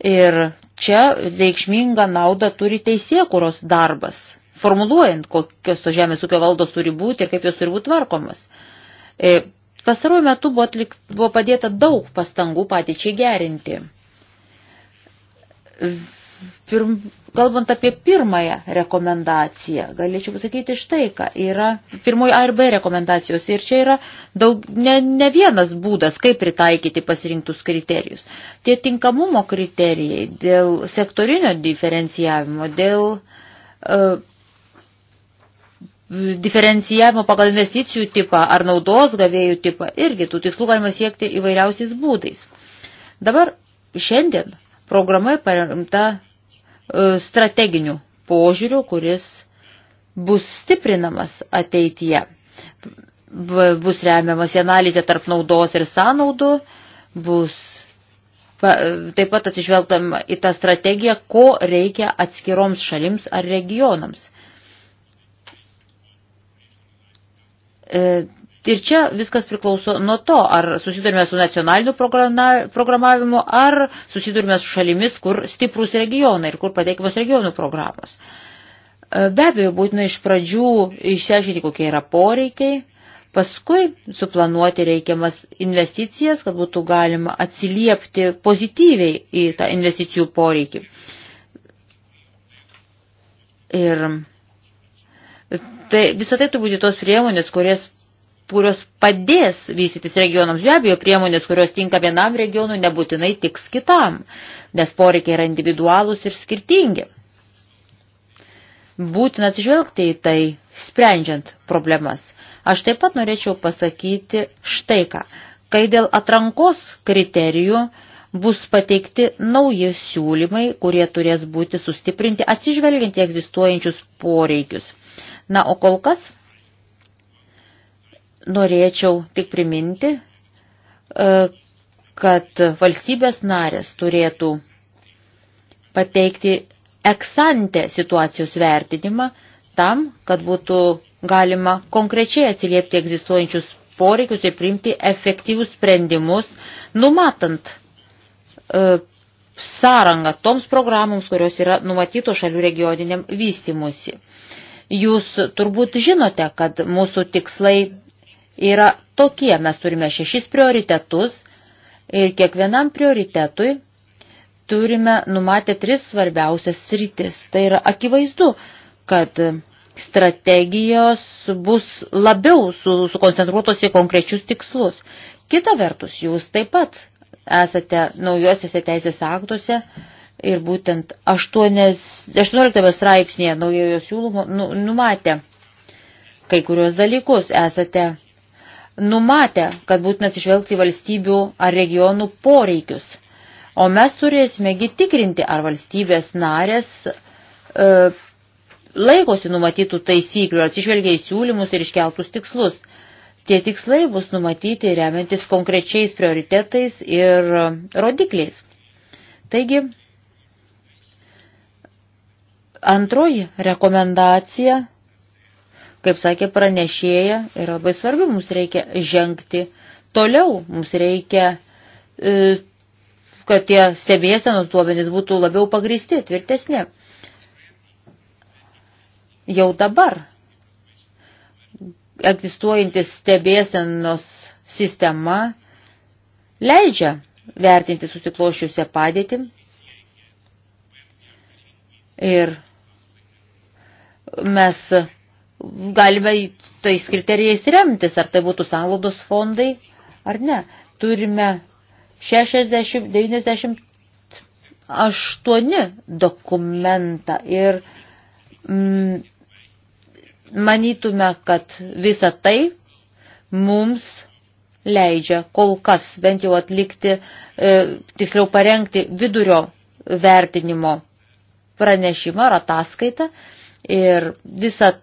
ir čia reikšmingą naudą turi teisėkuros darbas, formuluojant, kokios to žemės ūkio valdos turi būti ir kaip jos turi būti tvarkomos. E, pastaruoju metu buvo, atlik, buvo padėta daug pastangų patyčiai gerinti. Pirm, kalbant apie pirmąją rekomendaciją, galėčiau pasakyti štai, ką yra pirmoji A ir B rekomendacijos ir čia yra daug, ne, ne vienas būdas, kaip pritaikyti pasirinktus kriterijus. Tie tinkamumo kriterijai dėl sektorinio diferencijavimo, dėl uh, diferencijavimo pagal investicijų tipą ar naudos gavėjų tipą, irgi tų tikslų galima siekti įvairiausiais būdais. Dabar šiandien Programa paremta e, strateginiu požiūriu, kuris bus stiprinamas ateityje. Bus remiamas analizė tarp naudos ir sąnaudų, bus e, taip pat atsižvelgtam į tą strategiją, ko reikia atskiroms šalims ar regionams. E, Ir čia viskas priklauso nuo to, ar susidurime su nacionaliniu programavimu, ar susidurime su šalimis, kur stiprus regionai ir kur pateikimas regionų programos. E, be abejo, būtina iš pradžių išsiaiškinti, kokie yra poreikiai, paskui suplanuoti reikiamas investicijas, kad būtų galima atsiliepti pozityviai į tą investicijų poreikį. Ir Tai visą tai turi būti tos priemonės, kurias kurios padės vystytis regionams. Be abejo, priemonės, kurios tinka vienam regionui, nebūtinai tiks kitam, nes poreikiai yra individualūs ir skirtingi. Būtina atsižvelgti į tai, sprendžiant problemas. Aš taip pat norėčiau pasakyti štai ką. Kai dėl atrankos kriterijų bus pateikti nauji siūlymai, kurie turės būti sustiprinti atsižvelgiant į egzistuojančius poreikius. Na, o kol kas norėčiau tik priminti, e, kad valstybės narės turėtų pateikti eksantę situacijos vertinimą tam, kad būtų galima konkrečiai atsiliepti egzistuojančius poreikius ir priimti efektyvius sprendimus, numatant e, sąrangą toms programoms, kurios yra numatytos šalių regioniniam vystimusi. Jūs turbūt žinote, kad mūsų tikslai yra tokie. Mes turime šešis prioritetus ir kiekvienam prioritetui turime numatę tris svarbiausias sritis. Tai yra akivaizdu, kad strategijos bus labiau su, sukoncentruotos į konkrečius tikslus. Kita vertus, jūs taip pat esate naujosiuose teisės aktuose ir būtent 8, 18 straipsnėje naujojo siūlymo nu, numatė kai kurios dalykus. Esate numatę, kad būtina atsižvelgti valstybių ar regionų poreikius. O mes turėsimegi tikrinti, ar valstybės narės e, laikosi numatytų taisyklių, atsižvelgia į siūlymus ir iškeltus tikslus. Tie tikslai bus numatyti remiantis konkrečiais prioritetais ir e, rodikliais. Taigi, antroji rekomendacija Kaip sakė pranešėja, yra labai svarbi, mums reikia žengti toliau, mums reikia, e, kad tie stebėsenos duomenys būtų labiau pagristi, tvirtesni. Jau dabar egzistuojantis stebėsenos sistema leidžia vertinti susikloščiusią padėtį ir mes galime tais kriterijais remtis, ar tai būtų sąlaudos fondai, ar ne. Turime 60-98 dokumentą ir mm, manytume, kad visa tai mums leidžia kol kas bent jau atlikti, e, tiksliau parengti vidurio vertinimo pranešimą ar ataskaitą ir visą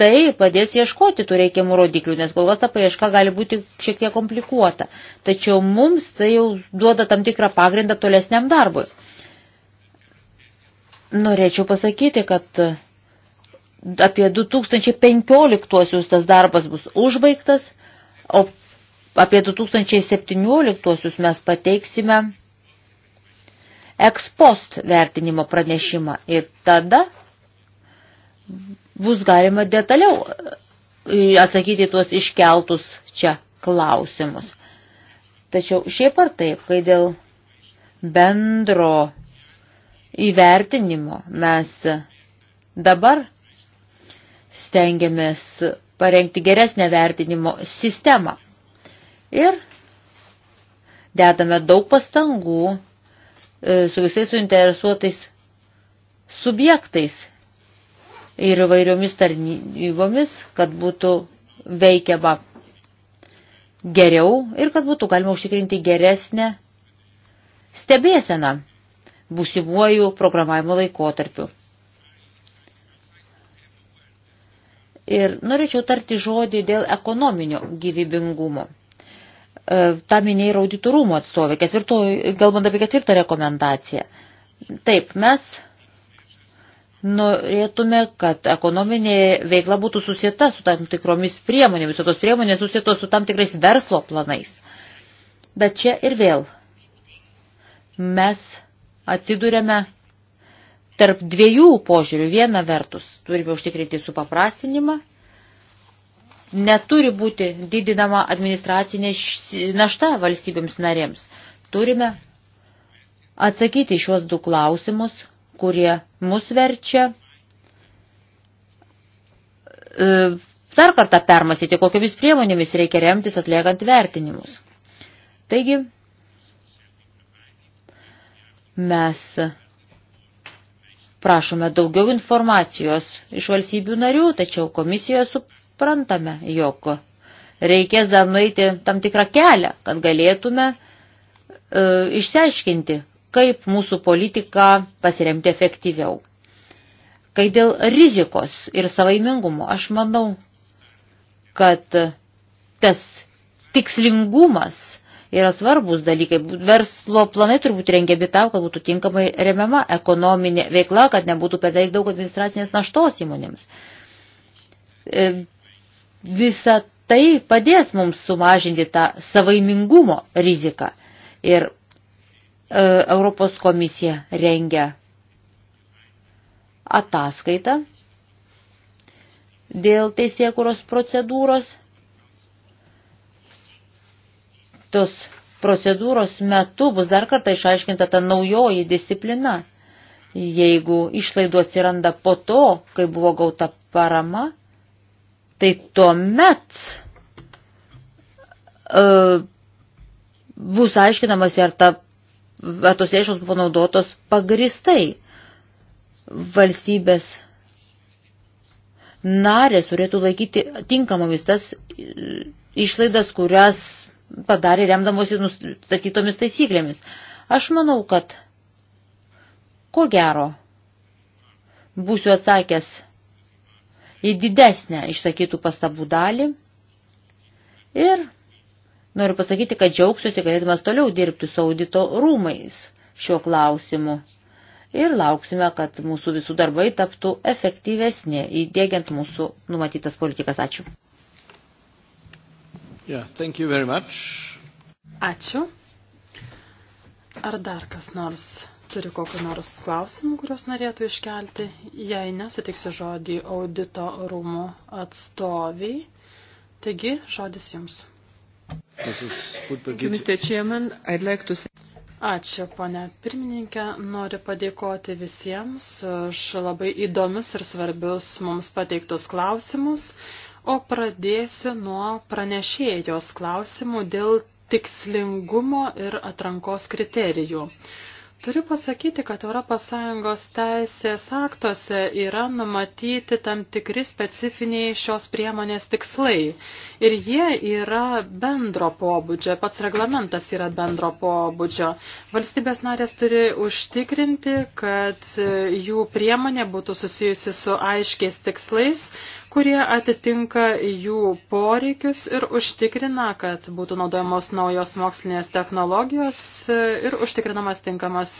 tai padės ieškoti tų reikiamų rodiklių, nes kol kas ta paieška gali būti šiek tiek komplikuota. Tačiau mums tai jau duoda tam tikrą pagrindą tolesniam darbui. Norėčiau pasakyti, kad apie 2015 tas darbas bus užbaigtas, o apie 2017 mes pateiksime ekspost vertinimo pranešimą ir tada bus galima detaliau e, atsakyti tuos iškeltus čia klausimus. Tačiau šiaip ar taip, kai dėl bendro įvertinimo mes dabar stengiamės parengti geresnę vertinimo sistemą. Ir dedame daug pastangų e, su visais suinteresuotais subjektais ir vairiomis tarnybomis, kad būtų veikiama geriau ir kad būtų galima užtikrinti geresnę stebėseną būsimuoju programavimo laikotarpiu. Ir norėčiau tarti žodį dėl ekonominio gyvybingumo. E, Ta minėjai auditorumo atstovė, kalbant apie ketvirtą rekomendaciją. Taip, mes norėtume, kad ekonominė veikla būtų susieta su tam tikromis priemonėmis, o tos priemonės susietos su tam tikrais verslo planais. Bet čia ir vėl mes atsidūrėme tarp dviejų požiūrių. Viena vertus turime užtikrinti supaprastinimą, neturi būti didinama administracinė našta valstybėms narėms. Turime atsakyti šiuos du klausimus kurie mus verčia e, dar kartą permastyti, kokiamis priemonėmis reikia remtis atliekant vertinimus. Taigi, mes prašome daugiau informacijos iš valstybių narių, tačiau komisijoje suprantame, jog reikės dar nueiti tam tikrą kelią, kad galėtume e, išsiaiškinti, kaip mūsų politiką pasiremti efektyviau. Kai dėl rizikos ir savaimingumo, aš manau, kad tas tikslingumas yra svarbus dalykai. Verslo planai turbūt rengiami tam, kad būtų tinkamai remiama ekonominė veikla, kad nebūtų pedaik daug administracinės naštos įmonėms. E, visa tai padės mums sumažinti tą savaimingumo riziką. Ir E, Europos komisija rengia ataskaitą dėl teisėkuros procedūros. Tos procedūros metu bus dar kartą išaiškinta ta naujoji disciplina. Jeigu išlaidų atsiranda po to, kai buvo gauta parama, tai tuomet uh, bus aiškinamasi, ar ta bet tos lėšos buvo naudotos pagristai. Valstybės narės turėtų laikyti tinkamomis tas išlaidas, kurias padarė remdamosi nustatytomis taisyklėmis. Aš manau, kad ko gero būsiu atsakęs į didesnę išsakytų pastabų dalį ir Noriu pasakyti, kad džiaugsiuosi, galėdamas toliau dirbti su audito rūmais šiuo klausimu. Ir lauksime, kad mūsų visų darbai taptų efektyvesnė, įdėgiant mūsų numatytas politikas. Ačiū. Yeah, thank you very much. Ačiū. Ar dar kas nors turi kokiu nors klausimu, kuriuos norėtų iškelti? Jei nesutiksiu žodį audito rūmų atstoviai, taigi žodis jums. Ačiū, ponė pirmininkė. Noriu padėkoti visiems už labai įdomius ir svarbius mums pateiktus klausimus, o pradėsiu nuo pranešėjos klausimų dėl tikslingumo ir atrankos kriterijų. Turiu pasakyti, kad ES teisės aktuose yra numatyti tam tikri specifiniai šios priemonės tikslai. Ir jie yra bendro pobūdžio, pats reglamentas yra bendro pobūdžio. Valstybės narės turi užtikrinti, kad jų priemonė būtų susijusi su aiškiais tikslais, kurie atitinka jų poreikius ir užtikrina, kad būtų naudojamos naujos mokslinės technologijos ir užtikrinamas tinkamas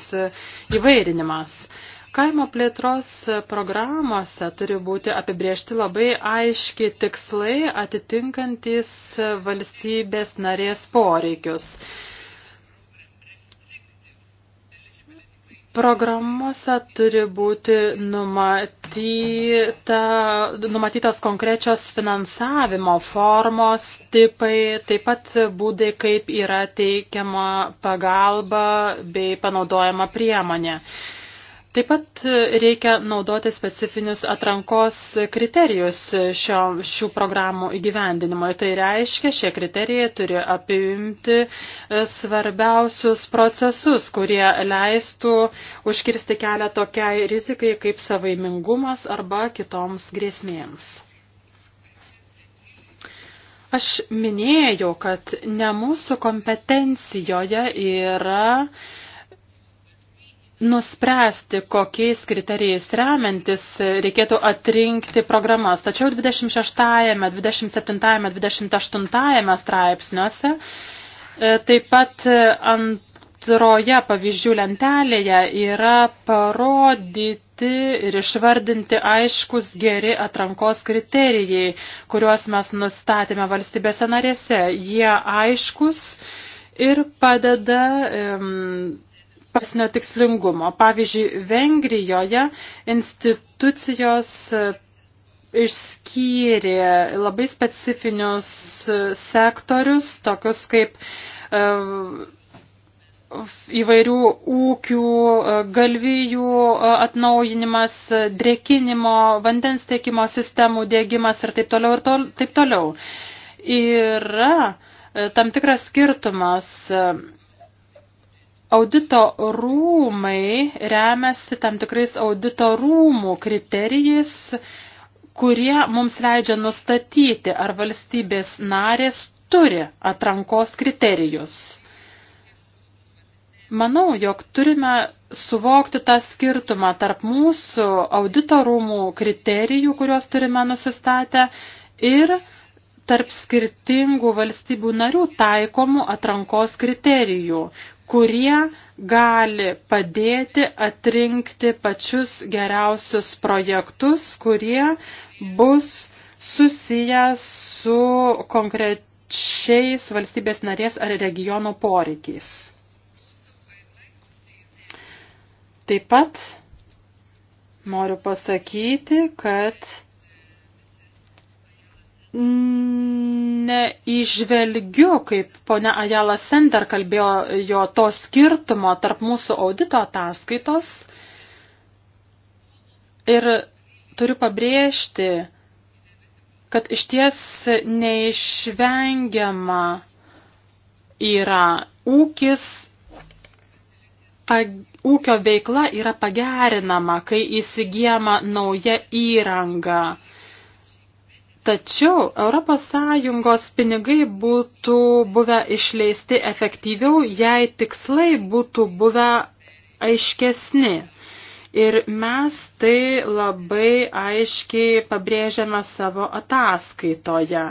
įvairinimas. Kaimo plėtros programuose turi būti apibriežti labai aiški tikslai atitinkantys valstybės narės poreikius. Programuose turi būti numatyta, numatytas konkrečios finansavimo formos, tipai, taip pat būdai, kaip yra teikiama pagalba bei panaudojama priemonė. Taip pat reikia naudoti specifinius atrankos kriterijus šio, šių programų įgyvendinimo. Tai reiškia, šie kriterijai turi apimti e, svarbiausius procesus, kurie leistų užkirsti kelią tokiai rizikai kaip savaimingumas arba kitoms grėsmėms. Aš minėjau, kad ne mūsų kompetencijoje yra uh, nuspręsti, kokiais kriterijais remiantis reikėtų atrinkti programas. Tačiau 26, 27, 28 straipsniuose e, taip pat e, antroje pavyzdžių lentelėje yra parodyti ir išvardinti aiškus geri atrankos kriterijai, kuriuos mes nustatėme valstybėse narėse. Jie aiškus ir padeda um, teisinio tikslingumo. Pavyzdžiui, Vengrijoje institucijos e, išskyrė labai specifinius e, sektorius, tokius kaip e, įvairių ūkių, galvijų atnaujinimas, drėkinimo, vandens tiekimo sistemų dėgymas ir taip toliau ir tol, taip toliau. Yra tam tikras skirtumas Audito rūmai remiasi tam tikrais audito rūmų kriterijais, kurie mums leidžia nustatyti, ar valstybės narės turi atrankos kriterijus. Manau, jog turime suvokti tą skirtumą tarp mūsų auditorumų kriterijų, kuriuos turime nusistatę, ir tarp skirtingų valstybių narių taikomų atrankos kriterijų, kurie gali padėti atrinkti pačius geriausius projektus, kurie bus susiję su konkrečiais valstybės narės ar regiono poreikiais. Taip pat noriu pasakyti, kad neižvelgiu, kaip ponia Ajala Sender kalbėjo, jo to skirtumo tarp mūsų audito ataskaitos. Ir turiu pabrėžti, kad iš ties neišvengiama yra ūkis, pag, ūkio veikla yra pagerinama, kai įsigijama nauja įranga Tačiau ES pinigai būtų buvę išleisti efektyviau, jei tikslai būtų buvę aiškesni. Ir mes tai labai aiškiai pabrėžiame savo ataskaitoje.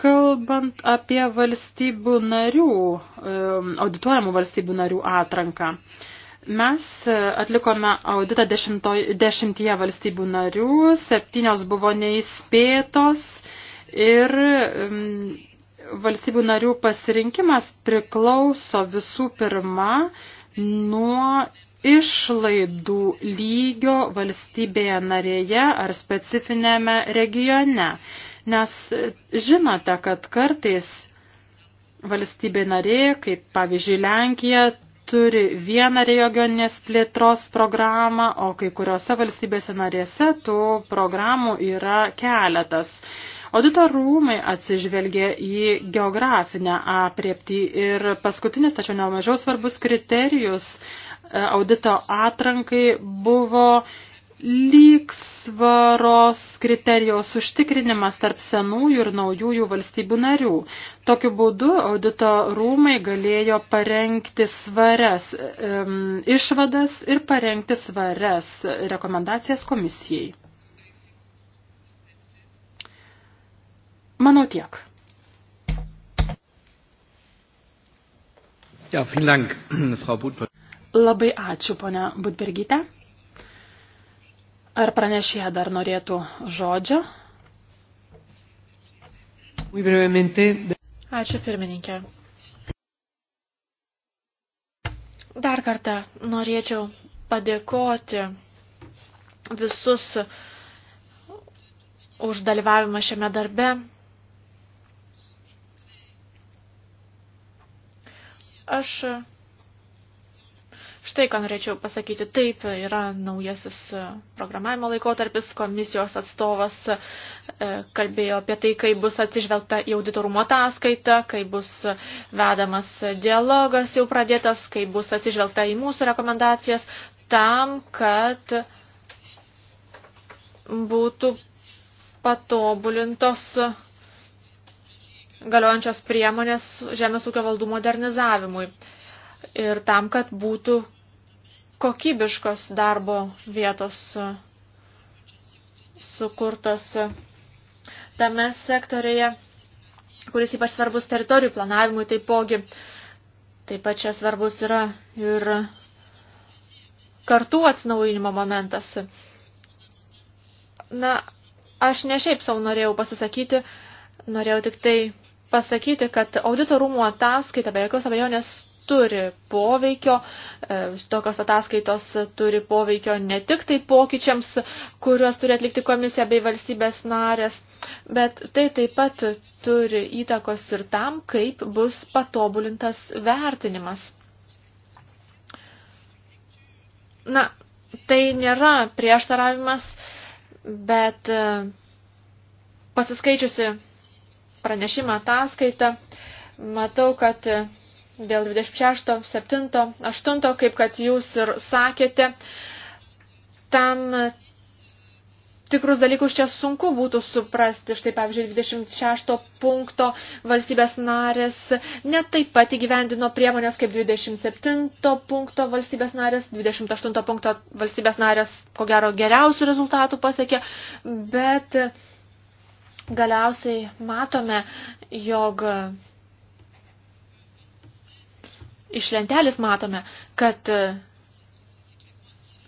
Kalbant apie valstybių narių, um, audituojamų valstybių narių atranką. Mes e, atlikome auditą dešimto, dešimtyje valstybių narių, septynios buvo neįspėtos ir mm, valstybių narių pasirinkimas priklauso visų pirma nuo išlaidų lygio valstybėje narėje ar specifinėme regione. Nes e, žinote, kad kartais valstybė narė, kaip pavyzdžiui Lenkija, turi vieną regioninės plėtros programą, o kai kuriuose valstybėse narėse tų programų yra keletas. Audito rūmai atsižvelgia į geografinę apriepti ir paskutinis, tačiau nemažiau svarbus kriterijus e, audito atrankai buvo lygsvaros kriterijaus užtikrinimas tarp senųjų ir naujųjų valstybių narių. Tokiu būdu audito rūmai galėjo parengti svarias um, išvadas ir parengti svarias rekomendacijas komisijai. Manau tiek. Ja, vielen Dank, Frau Budberg. Labai ačiū, ponia Budbergyte. Ar pranešėja dar norėtų žodžio? Ačiū pirmininkė. Dar kartą norėčiau padėkoti visus už dalyvavimą šiame darbe. Aš Štai ką norėčiau pasakyti. Taip, yra naujasis e, programavimo laikotarpis, komisijos atstovas e, kalbėjo apie tai, kaip bus atsižvelgta į auditorumo ataskaitą, kaip bus vedamas dialogas jau pradėtas, kaip bus atsižvelgta į mūsų rekomendacijas, tam, kad būtų patobulintos galiojančios priemonės žemės ūkio valdų modernizavimui ir tam, kad būtų kokybiškos darbo vietos sukurtos tame sektorėje, kuris ypač svarbus teritorijų planavimui, taipogi taip pat čia svarbus yra ir kartų atsinaujinimo momentas. Na, aš ne šiaip savo norėjau pasisakyti, norėjau tik tai pasakyti, kad audito rūmų ataskaita be jokios abejonės turi poveikio, e, tokios ataskaitos turi poveikio ne tik tai pokyčiams, kuriuos turi atlikti komisija bei valstybės narės, bet tai taip pat turi įtakos ir tam, kaip bus patobulintas vertinimas. Na, tai nėra prieštaravimas, bet e, pasiskaičiusi pranešimą ataskaitą, matau, kad e, dėl 26, 7, 8, kaip kad jūs ir sakėte, tam tikrus dalykus čia sunku būtų suprasti. Štai, pavyzdžiui, 26 punkto valstybės narės netaip pat įgyvendino priemonės kaip 27 punkto valstybės narės, 28 punkto valstybės narės, ko gero, geriausių rezultatų pasiekė, bet galiausiai matome, jog iš lentelės matome, kad e,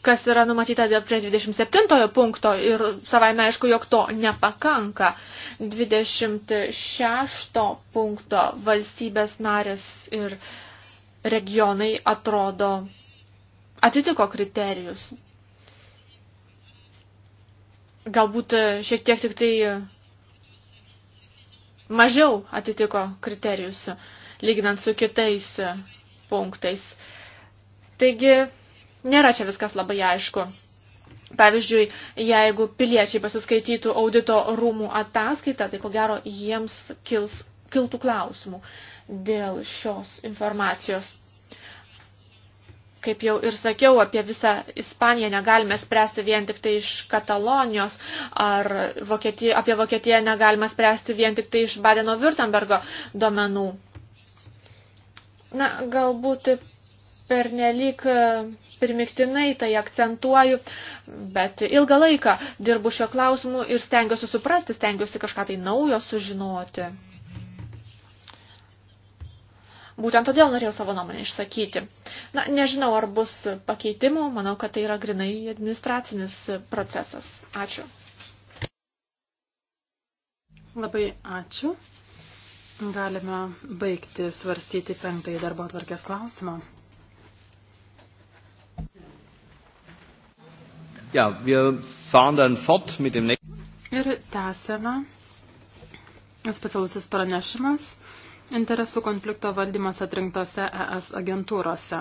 kas yra numatyta prie 27 punkto ir savaime aišku, jog to nepakanka. 26 punkto valstybės narės ir regionai atrodo atitiko kriterijus. Galbūt e, šiek tiek tik tai e, mažiau atitiko kriterijus, lyginant su kitais punktais. Taigi, nėra čia viskas labai aišku. Pavyzdžiui, jeigu piliečiai pasiskaitytų audito rūmų ataskaitą, tai ko gero jiems kils, kiltų klausimų dėl šios informacijos. Kaip jau ir sakiau, apie visą Ispaniją negalime spręsti vien tik tai iš Katalonijos, ar Vokietiją, apie Vokietiją negalime spręsti vien tik tai iš Badeno-Württembergo domenų. Na, galbūt pernelyg e, primiktinai tai akcentuoju, bet ilgą laiką dirbu šio klausimu ir stengiuosi suprasti, stengiuosi kažką tai naujo sužinoti. Būtent todėl norėjau savo nuomonę išsakyti. Na, nežinau, ar bus pakeitimų, manau, kad tai yra grinai administracinis procesas. Ačiū. Labai ačiū. Galime baigti svarstyti penktąjį darbo atvarkės klausimą. Ja, wir fahren dann fort mit dem nächsten. Ir tęsėme. Specialusis pranešimas interesų konflikto valdymas atrinktose ES agentūrose.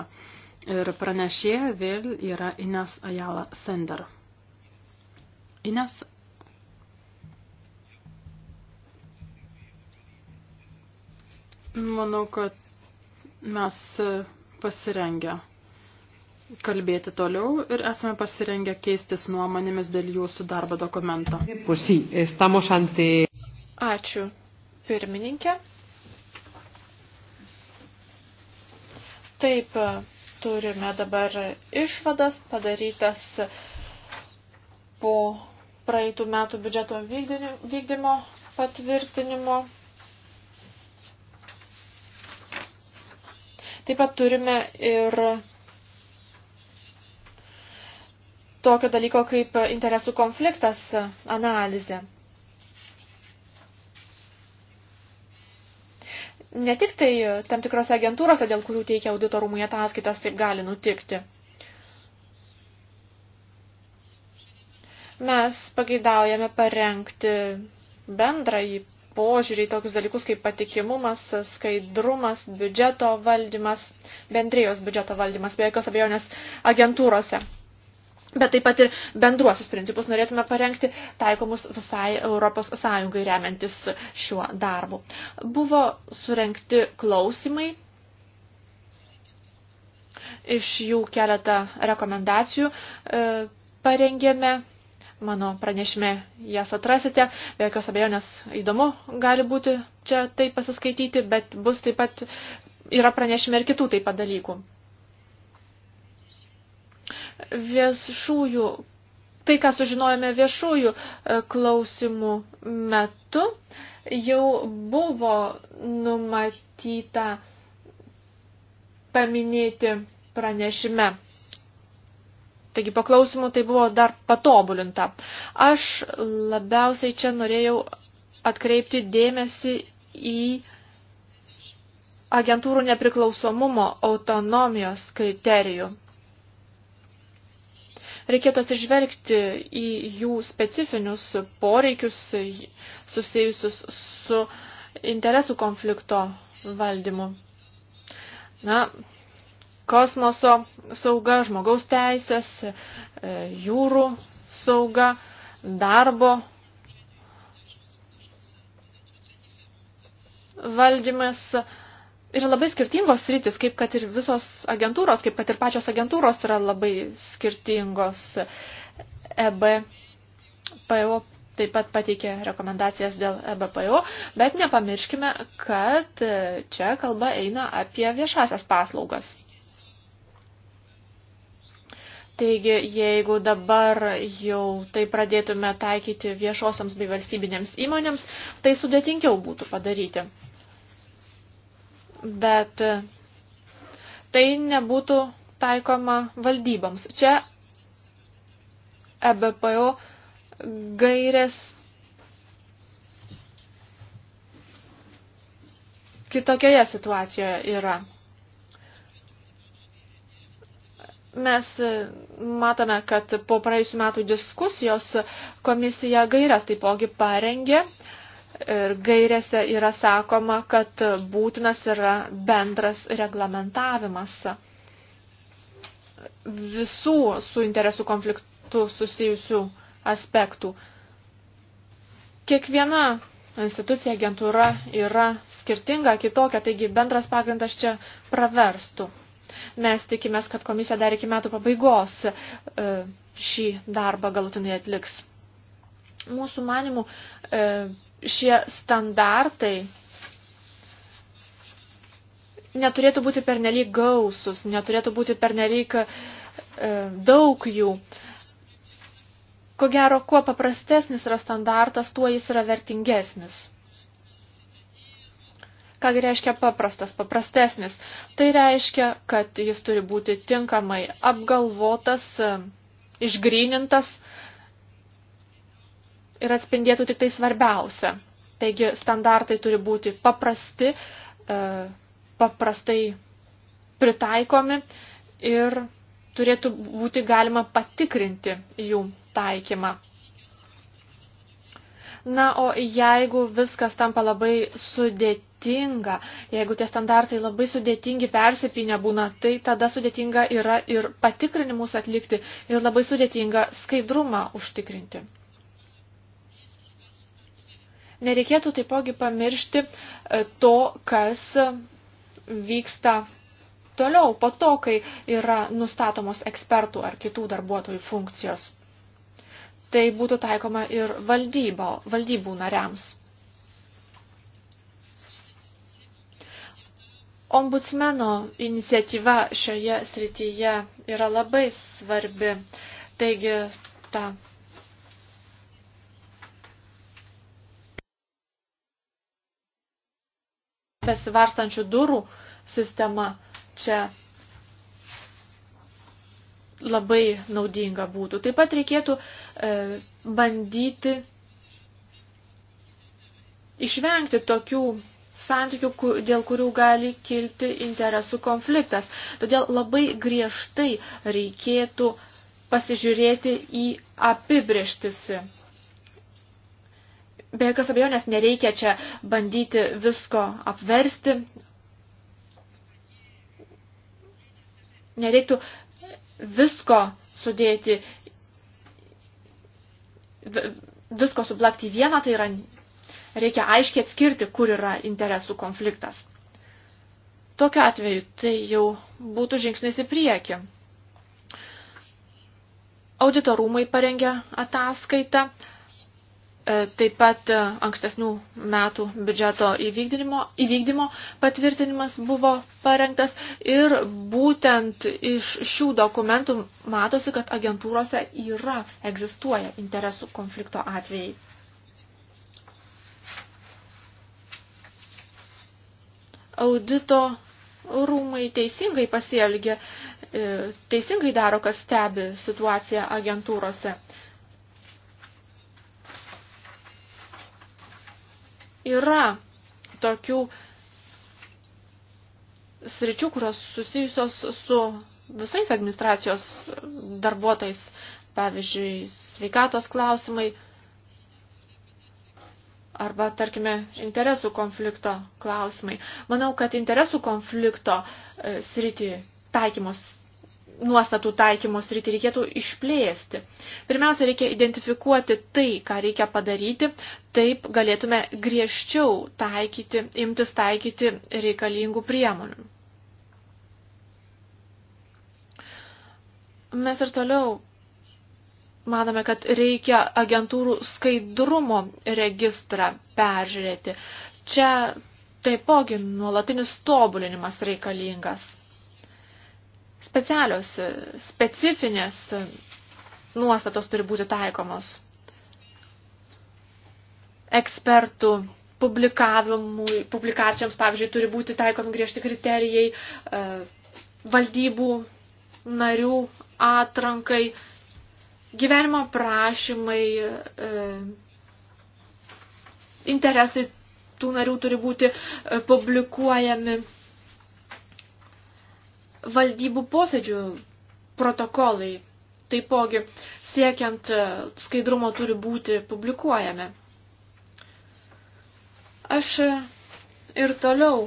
Ir pranešėja vėl yra Ines Ajala Sender. Ines, Manau, kad mes pasirengę kalbėti toliau ir esame pasirengę keistis nuomonėmis dėl jūsų darbo dokumento. Ačiū, pirmininkė. Taip, turime dabar išvadas padarytas po praeitų metų biudžeto vykdymo patvirtinimo. Taip pat turime ir tokio dalyko kaip interesų konfliktas analizė. Ne tik tai tam tikrose agentūrose, dėl kurių teikia auditorumai ataskaitas, taip gali nutikti. Mes pageidaujame parengti bendrąjį požiūrį į tokius dalykus kaip patikimumas, skaidrumas, biudžeto valdymas, bendrijos biudžeto valdymas, be jokios abejonės agentūrose. Bet taip pat ir bendruosius principus norėtume parengti taikomus visai Europos Sąjungai remiantis šiuo darbu. Buvo surenkti klausimai, iš jų keletą rekomendacijų e, parengėme Mano pranešime jas atrasite. Be jokios abejonės įdomu gali būti čia tai pasiskaityti, bet bus taip pat yra pranešime ir kitų taip pat dalykų. Viešųjų, tai, ką sužinojome viešųjų e, klausimų metu, jau buvo numatyta paminėti pranešime. Taigi po klausimų tai buvo dar patobulinta. Aš labiausiai čia norėjau atkreipti dėmesį į agentūrų nepriklausomumo autonomijos kriterijų. Reikėtų atsižvelgti į jų specifinius poreikius susijusius su interesų konflikto valdymu. Na, kosmoso sauga, žmogaus teisės, e, jūrų sauga, darbo valdymas. Yra labai skirtingos rytis, kaip kad ir visos agentūros, kaip kad ir pačios agentūros yra labai skirtingos. EBPO taip pat pateikė rekomendacijas dėl EBPO, bet nepamirškime, kad e, čia kalba eina apie viešasias paslaugas. Taigi, jeigu dabar jau tai pradėtume taikyti viešosioms bei valstybinėms įmonėms, tai sudėtingiau būtų padaryti. Bet e, tai nebūtų taikoma valdyboms. Čia EBPO gairės kitokioje situacijoje yra. Mes e, matome, kad po praėjusių metų diskusijos komisija gairias taipogi parengė ir gairėse yra sakoma, kad būtinas yra bendras reglamentavimas visų su interesų konfliktu susijusių aspektų. Kiekviena institucija, agentūra yra skirtinga, kitokia, taigi bendras pagrindas čia praverstų. Mes tikimės, kad komisija dar iki metų pabaigos e, šį darbą galutinai atliks. Mūsų manimų e, šie standartai neturėtų būti pernelyg gausus, neturėtų būti pernelyg e, daug jų. Ko gero, kuo paprastesnis yra standartas, tuo jis yra vertingesnis. Ką reiškia paprastas, paprastesnis? Tai reiškia, kad jis turi būti tinkamai apgalvotas, išgrynintas ir atspindėtų tik tai svarbiausia. Taigi standartai turi būti paprasti, e, paprastai pritaikomi ir turėtų būti galima patikrinti jų taikymą. Na, o jeigu viskas tampa labai sudėtinga, jeigu tie standartai labai sudėtingi persipinę būna, tai tada sudėtinga yra ir patikrinimus atlikti ir labai sudėtinga skaidrumą užtikrinti. Nereikėtų taipogi pamiršti e, to, kas vyksta toliau po to, kai yra nustatomos ekspertų ar kitų darbuotojų funkcijos tai būtų taikoma ir valdybo, valdybų nariams. Ombudsmeno iniciatyva šioje srityje yra labai svarbi. Taigi, ta besivarstančių durų sistema čia labai naudinga būtų. Taip pat reikėtų e, bandyti išvengti tokių santykių, dėl kurių gali kilti interesų konfliktas. Todėl labai griežtai reikėtų pasižiūrėti į apibrieštis. Be jokios abejonės nereikia čia bandyti visko apversti. Nereiktų visko sudėti, visko suplakti į vieną, tai yra reikia aiškiai atskirti, kur yra interesų konfliktas. Tokiu atveju tai jau būtų žingsnis į priekį. Auditorumai parengė ataskaitą, E, taip pat e, ankstesnių metų biudžeto įvykdymo, įvykdymo patvirtinimas buvo parengtas ir būtent iš šių dokumentų matosi, kad agentūrose yra, egzistuoja interesų konflikto atvejai. Audito rūmai teisingai pasielgia, e, teisingai daro, kad stebi situaciją agentūrose yra tokių sričių, kurios susijusios su visais administracijos darbuotojais, pavyzdžiui, sveikatos klausimai arba, tarkime, interesų konflikto klausimai. Manau, kad interesų konflikto e, sritį taikymos nuostatų taikymos rytį reikėtų išplėsti. Pirmiausia, reikia identifikuoti tai, ką reikia padaryti, taip galėtume griežčiau taikyti, imtis taikyti reikalingų priemonių. Mes ir toliau manome, kad reikia agentūrų skaidrumo registrą peržiūrėti. Čia taipogi nuolatinis tobulinimas reikalingas specialios, specifinės nuostatos turi būti taikomos. Ekspertų publikavimui, publikacijoms, pavyzdžiui, turi būti taikomi griežti kriterijai, e, valdybų narių atrankai, gyvenimo prašymai, e, interesai tų narių turi būti e, publikuojami valdybų posėdžių protokolai. Taipogi, siekiant e, skaidrumo turi būti publikuojami. Aš e, ir toliau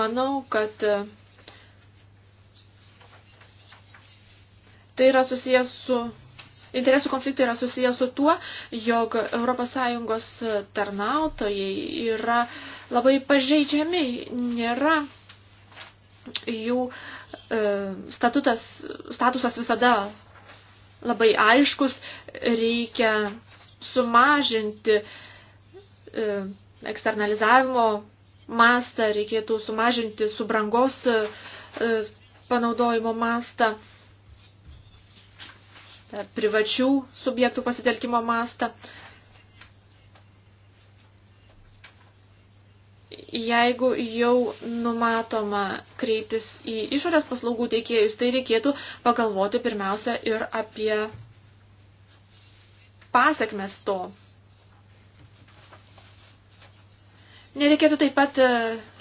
manau, kad e, tai yra susijęs su interesų konfliktai yra susijęs su tuo, jog ES tarnautojai yra labai pažeidžiami, nėra jų e, statutas, statusas visada labai aiškus, reikia sumažinti e, eksternalizavimo mastą, reikėtų sumažinti subrangos e, panaudojimo mastą, privačių subjektų pasitelkimo mastą. jeigu jau numatoma kreiptis į išorės paslaugų teikėjus, tai reikėtų pagalvoti pirmiausia ir apie pasiekmes to. Nereikėtų taip pat e,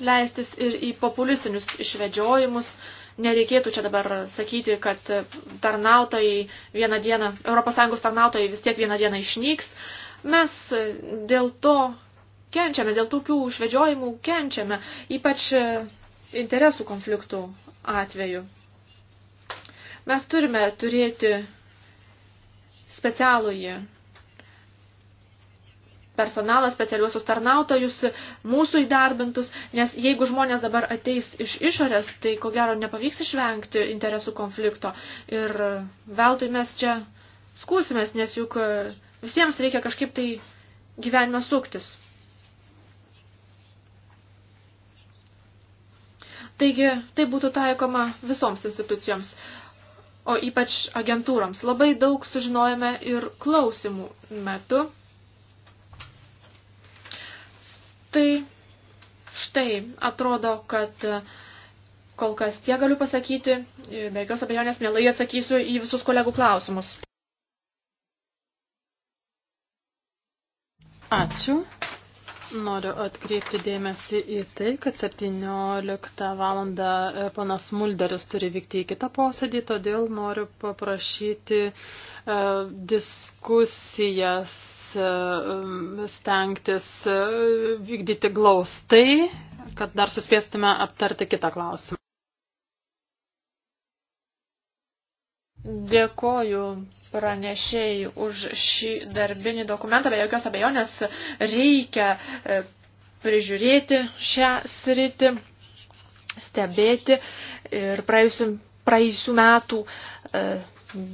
leistis ir į populistinius išvedžiojimus. Nereikėtų čia dabar sakyti, kad e, tarnautojai vieną dieną, ES tarnautojai vis tiek vieną dieną išnyks. Mes e, dėl to kenčiame, dėl tokių užvedžiojimų kenčiame, ypač e, interesų konfliktų atveju. Mes turime turėti specialųjį personalą, specialiuosius tarnautojus, mūsų įdarbintus, nes jeigu žmonės dabar ateis iš išorės, tai ko gero nepavyks išvengti interesų konflikto ir veltui mes čia skūsimės, nes juk e, visiems reikia kažkaip tai gyvenime suktis. Taigi, tai būtų taikoma visoms institucijoms, o ypač agentūroms. Labai daug sužinojame ir klausimų metu. Tai štai, atrodo, kad kol kas tie galiu pasakyti, be jokios abejonės mielai atsakysiu į visus kolegų klausimus. Ačiū. Noriu atkreipti dėmesį į tai, kad 17 valandą e, panas Mulderis turi vykti į kitą posėdį, todėl noriu paprašyti e, diskusijas e, stengtis vykdyti glaustai, kad dar suspėstume aptarti kitą klausimą. Dėkoju pranešėjai už šį darbinį dokumentą, be jokios abejonės reikia e, prižiūrėti šią sritį, stebėti ir praėjusių, praėjusių metų e,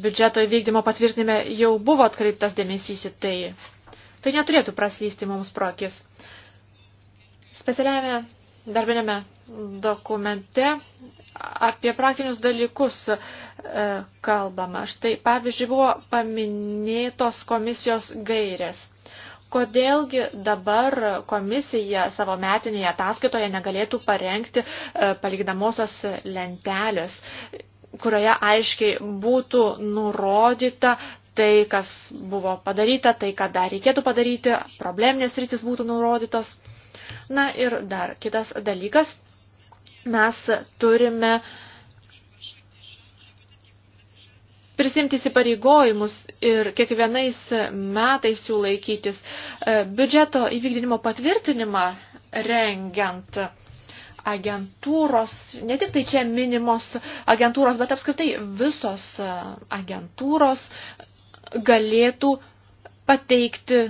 biudžeto įvykdymo patvirtinime jau buvo atkreiptas dėmesys į tai. Tai neturėtų praslysti mums prokis. Specialiame darbinėme dokumente apie praktinius dalykus e, kalbama. Štai pavyzdžiui buvo paminėtos komisijos gairės. Kodėlgi dabar komisija savo metinėje ataskaitoje negalėtų parengti e, palikdamosios lentelės, kurioje aiškiai būtų nurodyta tai, kas buvo padaryta, tai, ką dar reikėtų padaryti, probleminės rytis būtų nurodytos. Na ir dar kitas dalykas – mes turime prisimti įsipareigojimus ir kiekvienais metais jų laikytis. E, biudžeto įvykdinimo patvirtinimą rengiant agentūros, ne tik tai čia minimos agentūros, bet apskritai visos agentūros galėtų pateikti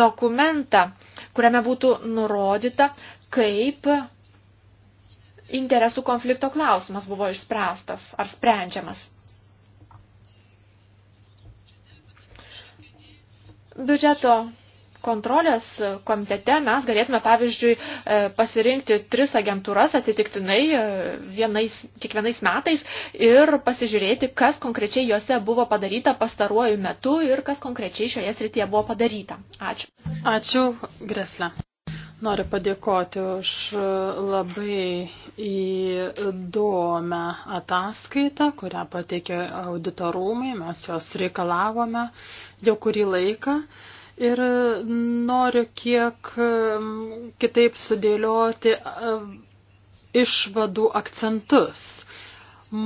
dokumentą, kuriame būtų nurodyta, kaip interesų konflikto klausimas buvo išspręstas ar sprendžiamas. Biudžeto kontrolės komitete mes galėtume, pavyzdžiui, e, pasirinkti tris agentūras atsitiktinai e, vienais, kiekvienais metais ir pasižiūrėti, kas konkrečiai juose buvo padaryta pastaruoju metu ir kas konkrečiai šioje srityje buvo padaryta. Ačiū. Ačiū, Gresla. Noriu padėkoti už labai įdomią ataskaitą, kurią pateikė auditorumai, mes jos reikalavome jau kurį laiką. Ir noriu kiek kitaip sudėlioti e, išvadų akcentus.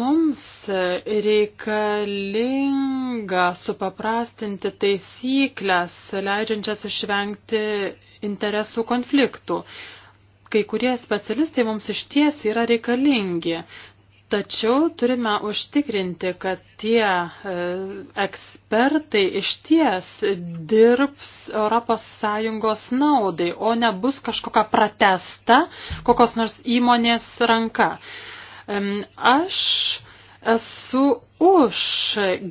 Mums reikalinga supaprastinti taisyklės, leidžiančias išvengti interesų konfliktų. Kai kurie specialistai mums iš ties yra reikalingi, tačiau turime užtikrinti, kad tie e, ekspertai iš ties dirbs ES naudai, o nebus kažkokia pratesta kokios nors įmonės ranka. Aš esu už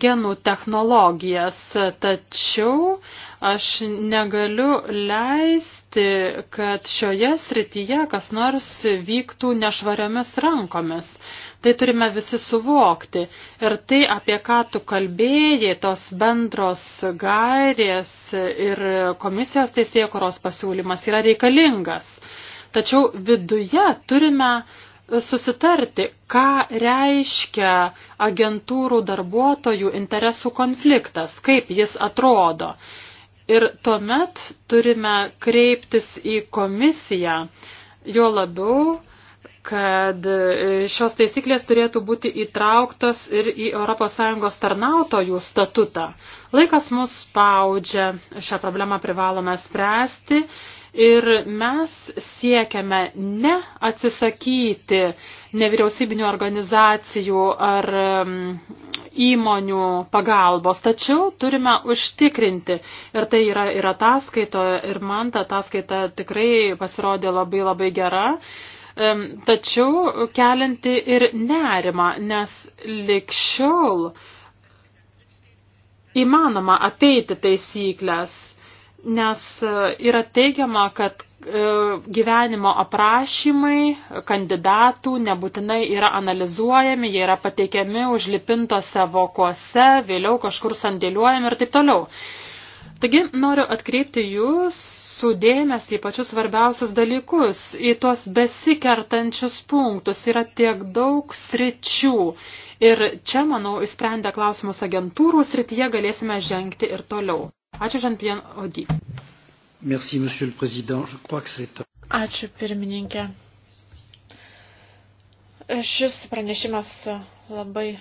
genų technologijas, tačiau Aš negaliu leisti, kad šioje srityje kas nors vyktų nešvariomis rankomis. Tai turime visi suvokti. Ir tai, apie ką tu kalbėjai, tos bendros gairės ir komisijos teisėkuros pasiūlymas yra reikalingas. Tačiau viduje turime susitarti, ką reiškia agentūrų darbuotojų interesų konfliktas, kaip jis atrodo. Ir tuomet turime kreiptis į komisiją, jo labiau, kad šios taisyklės turėtų būti įtrauktos ir į ES tarnautojų statutą. Laikas mus spaudžia, šią problemą privalome spręsti ir mes siekiame ne atsisakyti nevyriausybinių organizacijų ar įmonių pagalbos, tačiau turime užtikrinti. Ir tai yra ir ataskaito, ir man ta ataskaita tikrai pasirodė labai labai gera, tačiau kelinti ir nerimą, nes likščiol įmanoma apeiti taisyklės, nes yra teigiama, kad E, gyvenimo aprašymai kandidatų nebūtinai yra analizuojami, jie yra pateikiami užlipintose vokuose, vėliau kažkur sandėliuojami ir taip toliau. Taigi noriu atkreipti jūs sudėmės į pačius svarbiausius dalykus, į tuos besikertančius punktus yra tiek daug sričių. Ir čia, manau, įsprendę klausimus agentūrų srityje galėsime žengti ir toliau. Ačiū, Žanpien Odį. Merci, Monsieur le Président. Je crois que c'est. Ačiū, pirmininkė. Šis pranešimas labai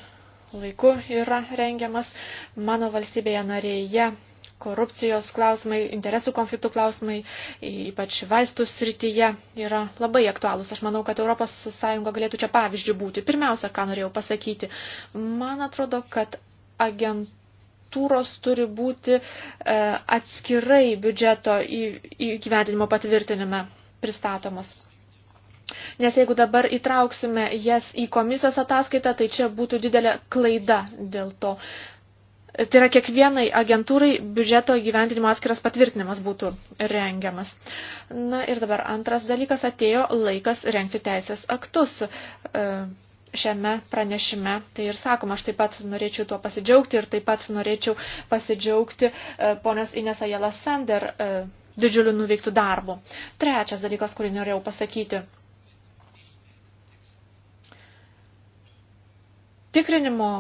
laiku yra rengiamas. Mano valstybėje narėje korupcijos klausimai, interesų konfliktų klausimai, ypač vaistų srityje yra labai aktualūs. Aš manau, kad ES galėtų čia pavyzdžių būti. Pirmiausia, ką norėjau pasakyti, man atrodo, kad agentūra agentūros turi būti e, atskirai biudžeto įgyvendinimo patvirtinime pristatomos. Nes jeigu dabar įtrauksime jas į komisijos ataskaitą, tai čia būtų didelė klaida dėl to. Tai yra kiekvienai agentūrai biudžeto gyventinimo atskiras patvirtinimas būtų rengiamas. Na ir dabar antras dalykas atėjo laikas rengti teisės aktus. E, šiame pranešime. Tai ir sakoma, aš taip pat norėčiau tuo pasidžiaugti ir taip pat norėčiau pasidžiaugti e, ponios Ines Ajela Sender e, didžiuliu nuveiktų darbu. Trečias dalykas, kurį norėjau pasakyti. Tikrinimo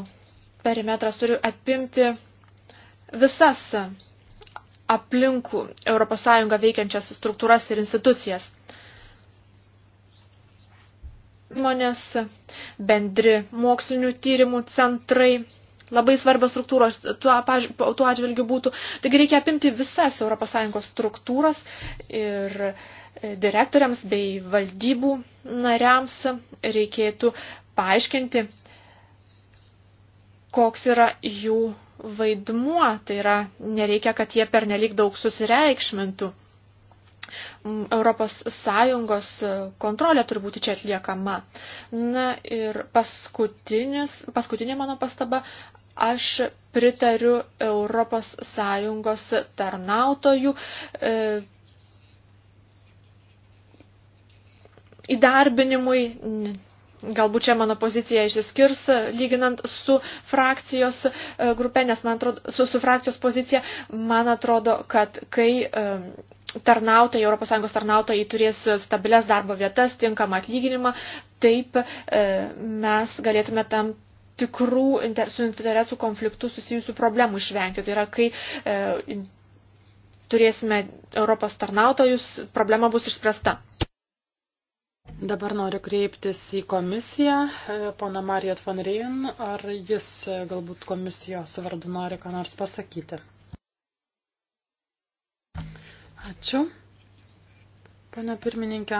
perimetras turi apimti visas aplinkų ES veikiančias struktūras ir institucijas įmonės, bendri mokslinių tyrimų centrai, labai svarbios struktūros tuo, tuo atžvilgiu būtų. Taigi reikia apimti visas ES struktūras ir e, direktoriams bei valdybų nariams reikėtų paaiškinti, koks yra jų vaidmuo. Tai yra, nereikia, kad jie pernelyg daug susireikšmintų. ES e, kontrolė turi būti čia atliekama. Na ir paskutinė mano pastaba, aš pritariu ES tarnautojų e, įdarbinimui Galbūt čia mano pozicija išsiskirs e, lyginant su frakcijos e, grupė, nes man atrodo, su, su frakcijos pozicija, man atrodo, kad kai e, tarnautojai, ES tarnautojai turės stabilias darbo vietas, tinkamą atlyginimą, taip mes galėtume tam tikrų inter, su interesų konfliktų susijusių problemų išvengti. Tai yra, kai e, turėsime Europos tarnautojus, problema bus išspręsta. Dabar noriu kreiptis į komisiją, e, pana Marijot van Rijn, ar jis e, galbūt komisijos vardu nori ką nors pasakyti. Ačiū. Pane pirmininkė,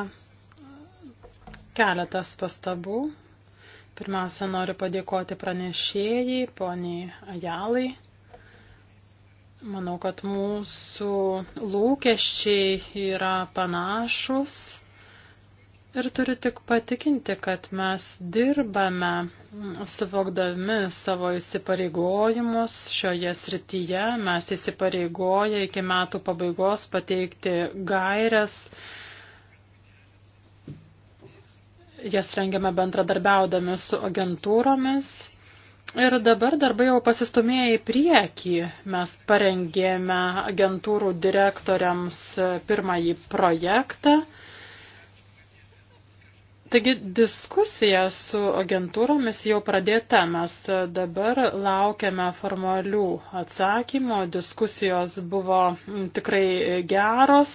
keletas pastabų. Pirmiausia, noriu padėkoti pranešėjai, poniai Ajalai. Manau, kad mūsų lūkesčiai yra panašus Ir turiu tik patikinti, kad mes dirbame mm, suvokdami savo įsipareigojimus šioje srityje. Mes įsipareigoja iki metų pabaigos pateikti gairias. Jas rengiame bendradarbiaudami su agentūromis. Ir dabar darbai jau pasistumėjo į priekį. Mes parengėme agentūrų direktoriams pirmąjį projektą. Taigi diskusija su agentūromis jau pradėta, mes dabar laukiame formalių atsakymų, diskusijos buvo tikrai geros,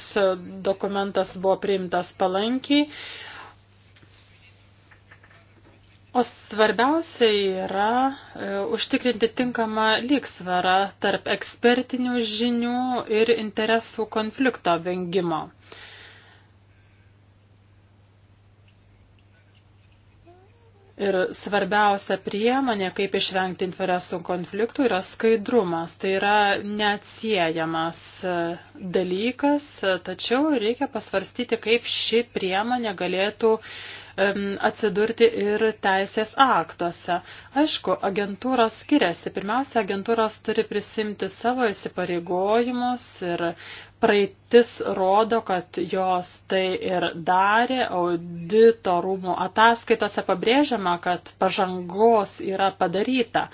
dokumentas buvo priimtas palankiai. O svarbiausia yra e, užtikrinti tinkamą lygsvarą tarp ekspertinių žinių ir interesų konflikto vengimo. E, Ir svarbiausia priemonė, kaip išvengti interesų konfliktų, yra skaidrumas. Tai yra neatsiejamas e, dalykas, tačiau reikia pasvarstyti, kaip ši priemonė galėtų uh, atsidurti ir teisės aktuose. Aišku, agentūros skiriasi. Pirmiausia, agentūros turi prisimti savo įsipareigojimus ir praeitis rodo, kad jos tai ir darė. Audito rūmų ataskaitose pabrėžiama, kad pažangos yra padaryta.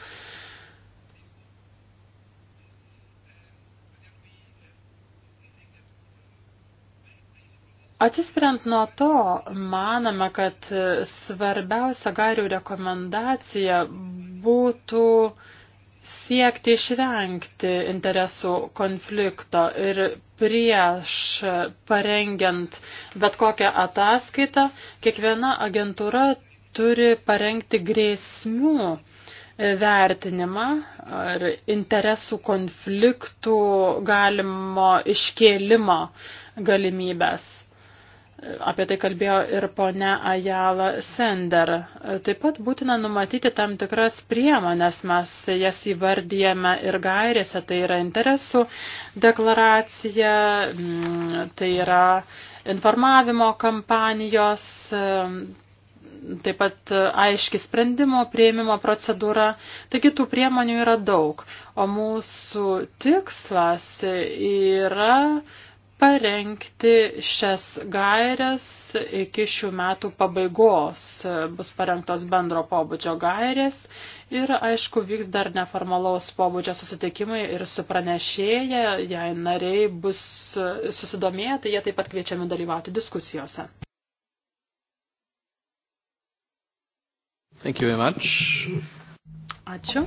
Atsispirant nuo to, manome, kad svarbiausia gairių rekomendacija būtų siekti išvengti interesų konflikto ir prieš parengiant bet kokią ataskaitą, kiekviena agentūra turi parengti grėsmių vertinimą ar interesų konfliktų galimo iškėlimo galimybės. Apie tai kalbėjo ir ponia Ajala Sender. Taip pat būtina numatyti tam tikras priemonės, mes jas įvardyjame ir gairėse, tai yra interesų deklaracija, mm, tai yra informavimo kampanijos, mm, taip pat aiški sprendimo prieimimo procedūra. Taigi tų priemonių yra daug, o mūsų tikslas yra parengti šias gairias iki šių metų pabaigos. Bus parengtos bendro pobūdžio gairės ir, aišku, vyks dar neformalaus pobūdžio susitikimai ir su pranešėja, jei nariai bus susidomėję, tai jie taip pat kviečiami dalyvauti diskusijose. Thank you very much. Ačiū.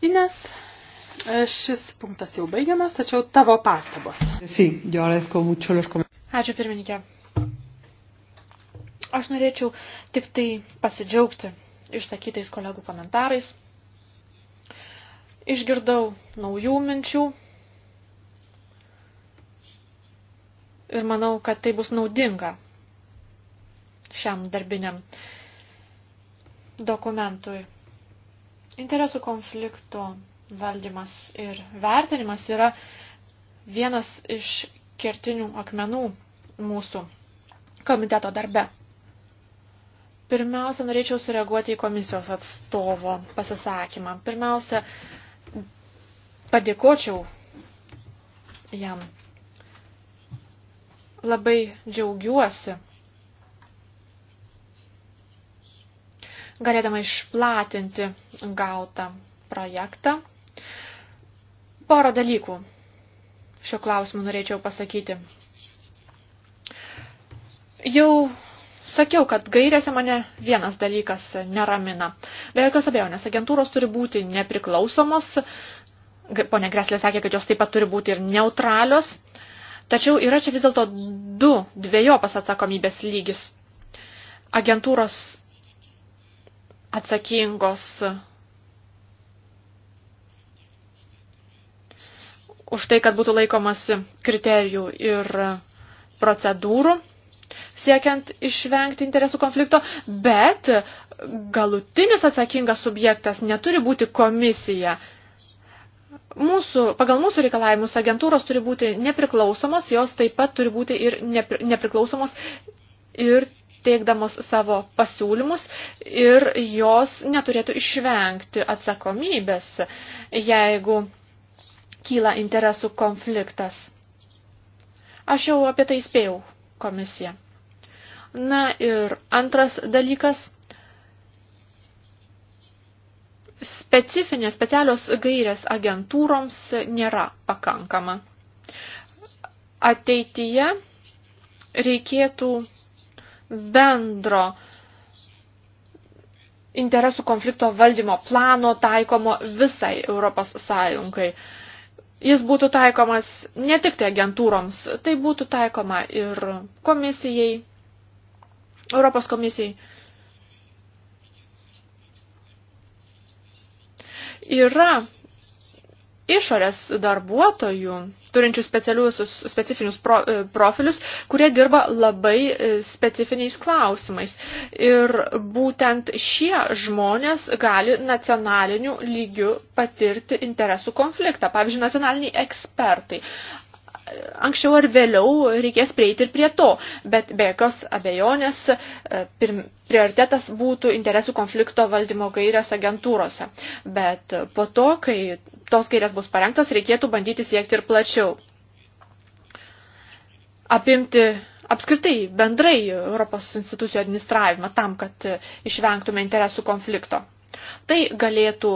Ines. Šis punktas jau baigiamas, tačiau tavo pastabos. Ačiū pirmininkė. Aš norėčiau tik tai pasidžiaugti išsakytais kolegų komentarais. Išgirdau naujų minčių ir manau, kad tai bus naudinga šiam darbiniam dokumentui. Interesų konflikto valdymas ir vertinimas yra vienas iš kertinių akmenų mūsų komiteto darbe. Pirmiausia, norėčiau sureaguoti į komisijos atstovo pasisakymą. Pirmiausia, padėkočiau jam. Labai džiaugiuosi, galėdama išplatinti gautą projektą Porą dalykų šio klausimu norėčiau pasakyti. Jau sakiau, kad gairėse mane vienas dalykas neramina. Be jokios abejonės, agentūros turi būti nepriklausomos. Pone Greslė sakė, kad jos taip pat turi būti ir neutralios. Tačiau yra čia vis dėlto du dviejopas atsakomybės lygis. Agentūros atsakingos už tai, kad būtų laikomasi kriterijų ir procedūrų siekiant išvengti interesų konflikto, bet galutinis atsakingas subjektas neturi būti komisija. Mūsų, pagal mūsų reikalavimus agentūros turi būti nepriklausomos, jos taip pat turi būti ir nepri, nepriklausomos ir teikdamos savo pasiūlymus ir jos neturėtų išvengti atsakomybės, jeigu kyla interesų konfliktas. Aš jau apie tai spėjau komisiją. Na ir antras dalykas. Specifinės, specialios gairės agentūroms nėra pakankama. Ateityje reikėtų bendro interesų konflikto valdymo plano taikomo visai Europos Sąjungai jis būtų taikomas ne tik tai agentūroms, tai būtų taikoma ir komisijai, Europos komisijai. Yra išorės darbuotojų, turinčių specifinius pro, e, profilius, kurie dirba labai e, specifiniais klausimais. Ir būtent šie žmonės gali nacionaliniu lygiu patirti interesų konfliktą. Pavyzdžiui, nacionaliniai ekspertai anksčiau ar vėliau reikės prieiti ir prie to, bet be jokios abejonės e, prioritetas būtų interesų konflikto valdymo gairės agentūrose. Bet po to, kai tos gairės bus parengtos, reikėtų bandyti siekti ir plačiau. Apimti apskritai bendrai Europos institucijų administravimą tam, kad išvengtume interesų konflikto. Tai galėtų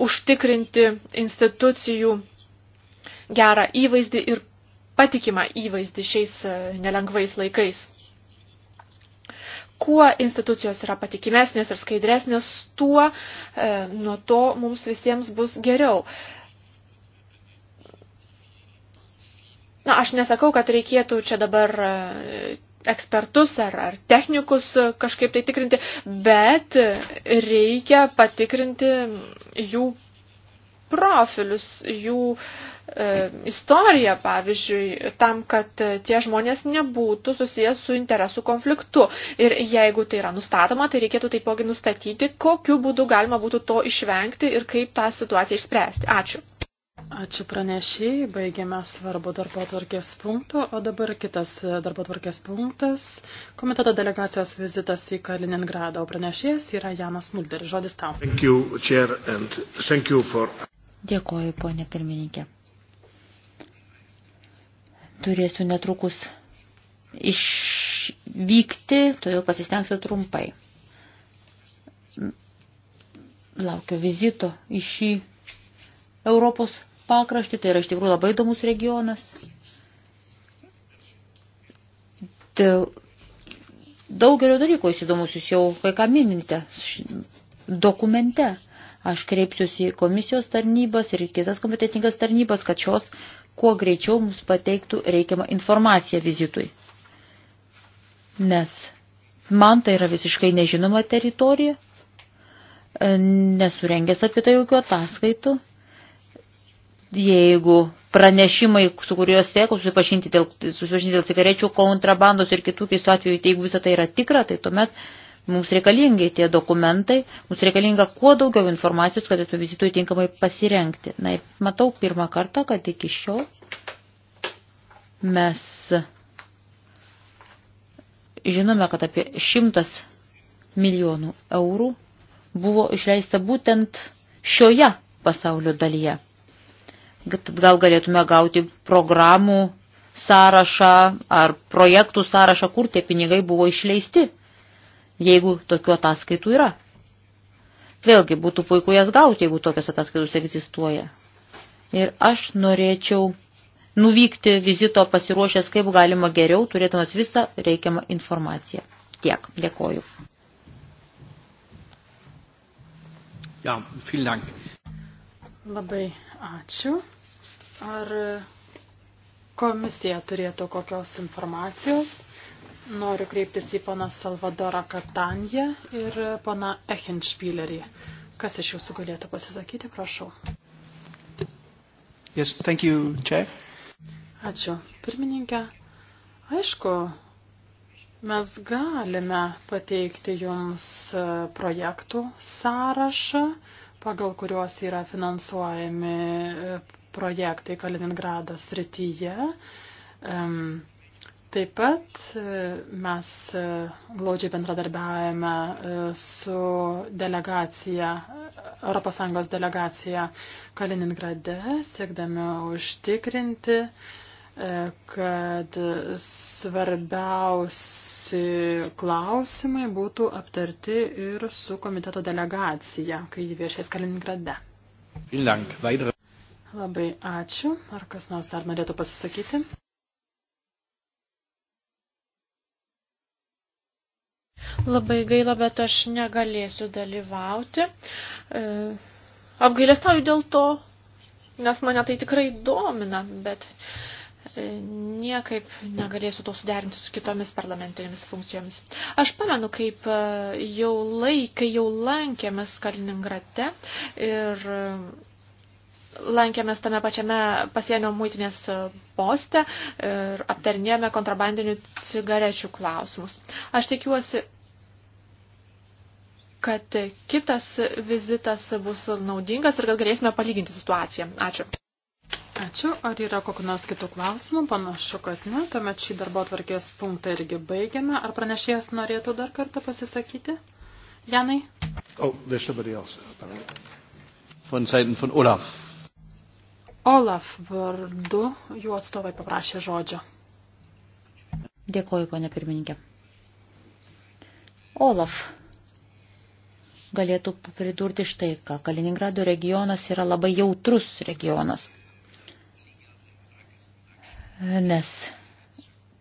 užtikrinti institucijų gerą įvaizdį ir patikimą įvaizdį šiais e, nelengvais laikais. Kuo institucijos yra patikimesnės ir skaidresnės, tuo e, nuo to mums visiems bus geriau. Na, aš nesakau, kad reikėtų čia dabar e, ekspertus ar, ar technikus e, kažkaip tai tikrinti, bet reikia patikrinti jų profilius, jų e, istoriją, pavyzdžiui, tam, kad e, tie žmonės nebūtų susijęs su interesų konfliktu. Ir jeigu tai yra nustatoma, tai reikėtų taipogi nustatyti, kokiu būdu galima būtų to išvengti ir kaip tą situaciją išspręsti. Ačiū. Ačiū pranešėjai, baigėme svarbu darbo tvarkės punkto, o dabar kitas e, darbo tvarkės punktas – komiteto delegacijos vizitas į Kaliningradą, o pranešėjas yra Janas Mulderis. Žodis tau. Thank you, chair, and thank you for... Dėkoju, ponė pirmininkė. Turėsiu netrukus išvykti, todėl pasistengsiu trumpai. Laukiu vizito į šį Europos pakraštį, tai yra iš tikrųjų labai įdomus regionas. Dėl daugelio dalykų jūs įdomus, jūs jau kai ką minite dokumente. Aš kreipsiuosi į komisijos tarnybas ir kitas kompetitingas tarnybas, kad šios kuo greičiau mums pateiktų reikiamą informaciją vizitui. Nes man tai yra visiškai nežinoma teritorija, nesurengęs apie tai jokių ataskaitų. Jeigu pranešimai, su kuriuos teko susipažinti dėl, susipažinti dėl cigarečių kontrabandos ir kitų keistų atvejų, tai jeigu visą tai yra tikra, tai tuomet uh, Mums reikalingi tie dokumentai, mums reikalinga kuo daugiau informacijos, kad tu vizitui tinkamai pasirenkti. Na ir matau pirmą kartą, kad iki šiol mes žinome, kad apie šimtas milijonų eurų buvo išleista būtent šioje pasaulio dalyje. Gal galėtume gauti programų sąrašą ar projektų sąrašą, kur tie pinigai buvo išleisti jeigu tokių ataskaitų yra. Vėlgi būtų puiku jas gauti, jeigu tokios ataskaitos egzistuoja. Ir aš norėčiau nuvykti vizito pasiruošęs kaip galima geriau, turėdamas visą reikiamą informaciją. Tiek. Dėkoju. Ja, vielen Dank. Labai ačiū. Ar komisija turėtų kokios informacijos? Noriu kreiptis į pana Salvadorą Kataniją ir pana Echenspielerį. Kas iš jūsų galėtų pasisakyti, prašau. Yes, thank you, Chair. Ačiū, pirmininkė. Aišku, mes galime pateikti jums e, projektų sąrašą, pagal kuriuos yra finansuojami e, projektai Kaliningrado srityje. Um, Taip pat e, mes e, glaudžiai bendradarbiavame e, su delegacija, ES delegacija Kaliningrade, siekdami užtikrinti, kad svarbiausi klausimai būtų aptarti ir su komiteto delegacija, kai jį viešės Kaliningrade. Labai ačiū. Ar kas nors dar norėtų pasisakyti? Labai gaila, bet aš negalėsiu dalyvauti. E, apgailestauju dėl to, nes mane tai tikrai domina, bet e, niekaip negalėsiu to suderinti su kitomis parlamentinėmis funkcijomis. Aš pamenu, kaip e, jau laikai jau lankėmės Kaliningrate ir lankėmės tame pačiame pasienio muitinės poste ir aptarnėjome kontrabandinių cigarečių klausimus. Aš tikiuosi, kad kitas vizitas bus naudingas ir kad galėsime palyginti situaciją. Ačiū. Ačiū. Ar yra kokių nors kitų klausimų? Panašu, kad ne. Tuomet šį darbo atvarkės punktą irgi baigiame. Ar pranešėjas norėtų dar kartą pasisakyti? Janai? Oh, there's somebody else. Von Seiten von Olaf. Olaf vardu jų atstovai paprašė žodžio. Dėkoju, ponė pirmininkė. Olaf galėtų pridurti štai ką. Kaliningrado regionas yra labai jautrus regionas, nes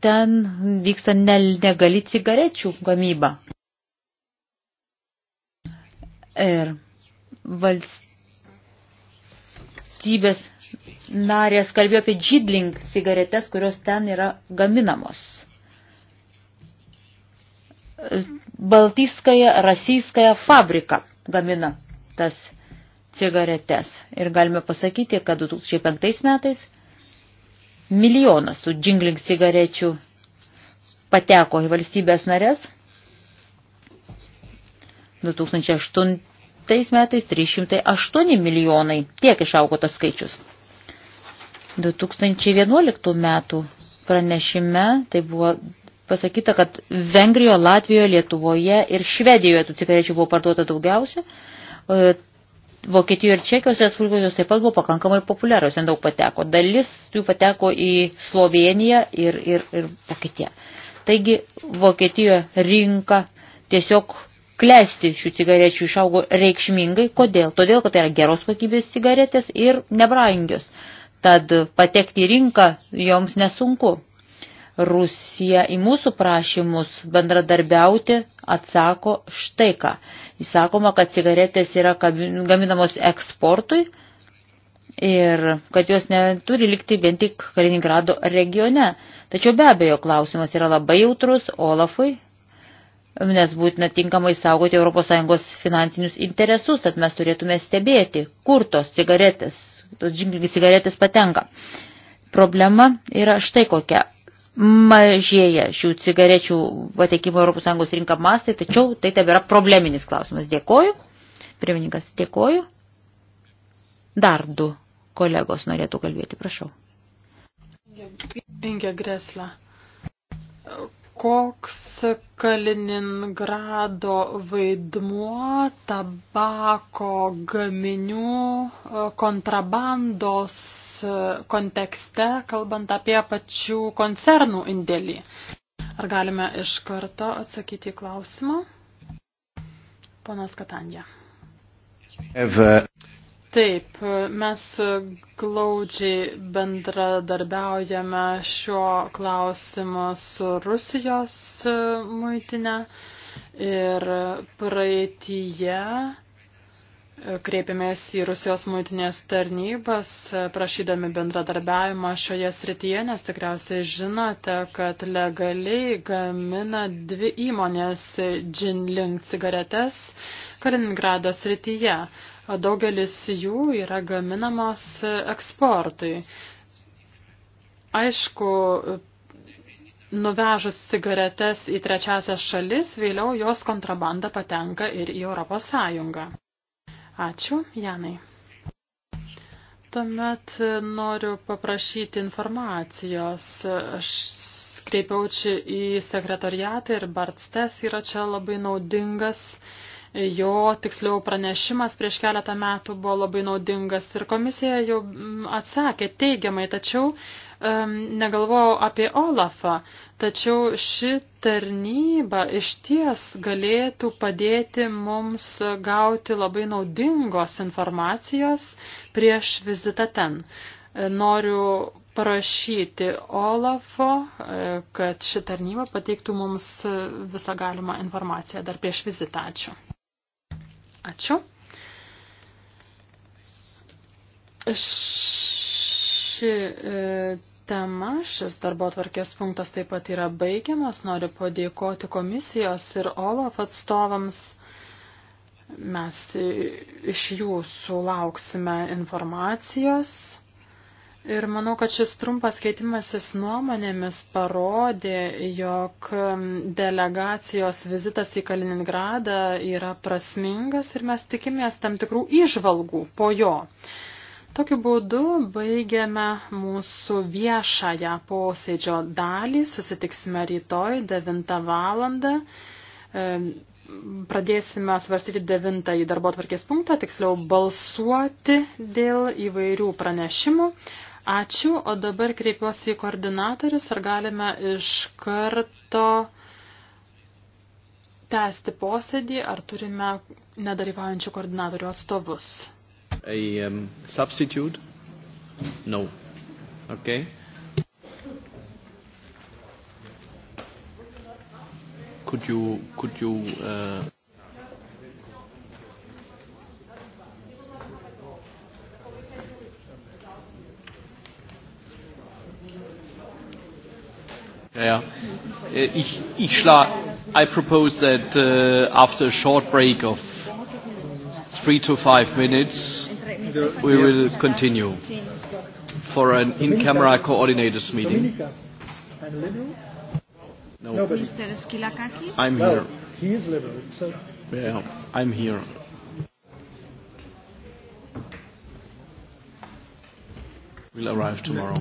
ten vyksta negali cigarečių gamyba. Ir valstybės narės kalbėjo apie džidling cigaretes, kurios ten yra gaminamos Baltiskaja, Rasiskaja fabrika gamina tas cigaretes. Ir galime pasakyti, kad 2005 metais milijonas tų džingling cigarečių pateko į valstybės narės. 2008 metais 308 milijonai. Tiek išaugo tas skaičius. 2011 metų pranešime tai buvo pasakyta, kad Vengrijoje, Latvijoje, Lietuvoje ir Švedijoje tų cigarečių buvo parduota daugiausia. E, Vokietijoje ir Čekijos Respublikos jos taip pat buvo pakankamai populiarios, ten daug pateko. Dalis jų pateko į Sloveniją ir, ir, ir Vokietiją. Taigi Vokietijoje rinka tiesiog klesti šių cigarečių išaugo reikšmingai. Kodėl? Todėl, kad tai yra geros kokybės cigaretės ir nebrangios. Tad patekti į rinką joms nesunku. Rusija į mūsų prašymus bendradarbiauti atsako štai ką. Įsakoma, kad cigaretės yra gaminamos eksportui ir kad jos neturi likti vien tik Kaliningrado regione. Tačiau be abejo klausimas yra labai jautrus Olafui, nes būtina tinkamai saugoti ES finansinius interesus, tad mes turėtume stebėti, kur tos cigaretės, tos cigaretės patenka. Problema yra štai kokia mažėja šių cigarečių patekimo ES rinką mastai, tačiau tai tebėra probleminis klausimas. Dėkoju. Pirmininkas, dėkoju. Dar du kolegos norėtų kalbėti, prašau. Inge Gresla koks Kaliningrado vaidmuo tabako gaminių e, kontrabandos e, kontekste, kalbant apie pačių koncernų indėlį. Ar galime iš karto atsakyti į klausimą? Ponas Katanja. Taip, mes glaudžiai bendradarbiaujame šiuo klausimu su Rusijos muitinė ir praeitįje kreipėmės į Rusijos muitinės tarnybas, prašydami bendradarbiavimo šioje srityje, nes tikriausiai žinote, kad legaliai gamina dvi įmonės Jinling cigaretes Kaliningrado srityje. Daugelis jų yra gaminamos eksportui. Aišku, nuvežus cigaretes į trečiasias šalis, vėliau jos kontrabanda patenka ir į Europos Sąjungą. Ačiū, Janai. Tuomet e, noriu paprašyti informacijos. Aš kreipiausi į sekretariatą ir Bartstes yra čia labai naudingas Jo, tiksliau, pranešimas prieš keletą metų buvo labai naudingas ir komisija jau mm, atsakė teigiamai, tačiau um, negalvojau apie Olafą. Tačiau ši tarnyba iš ties galėtų padėti mums gauti labai naudingos informacijos prieš vizitą ten. Noriu prašyti Olafo, e, kad ši tarnyba pateiktų mums visą galimą informaciją dar prieš vizitą. Ačiū. Ačiū. Ši e, tema, šis darbo atvarkės punktas taip pat yra baigiamas. Noriu padėkoti komisijos ir OLAF atstovams. Mes iš jų sulauksime informacijos. Ir manau, kad šis trumpas keitimasis nuomonėmis parodė, jog delegacijos vizitas į Kaliningradą yra prasmingas ir mes tikimės tam tikrų išvalgų po jo. Tokiu būdu baigiame mūsų viešąją posėdžio dalį. Susitiksime rytoj 9 valandą pradėsime svarstyti devintąjį darbo atvarkės punktą, tiksliau balsuoti dėl įvairių pranešimų. Ačiū, o dabar kreipiuosi į koordinatorius, ar galime iš karto tęsti posėdį, ar turime nedalyvaujančių koordinatorių atstovus. A um, substitute? No. Okay. Could you, could you, uh... Yeah. Äh, ich, ich schlag, I propose that uh, after a short break of three to five minutes, we will continue for an in-camera coordinators meeting. No. no Mr. Skilakakis? I'm here. No, he is liberal. So. Yeah, I'm here. We'll arrive tomorrow.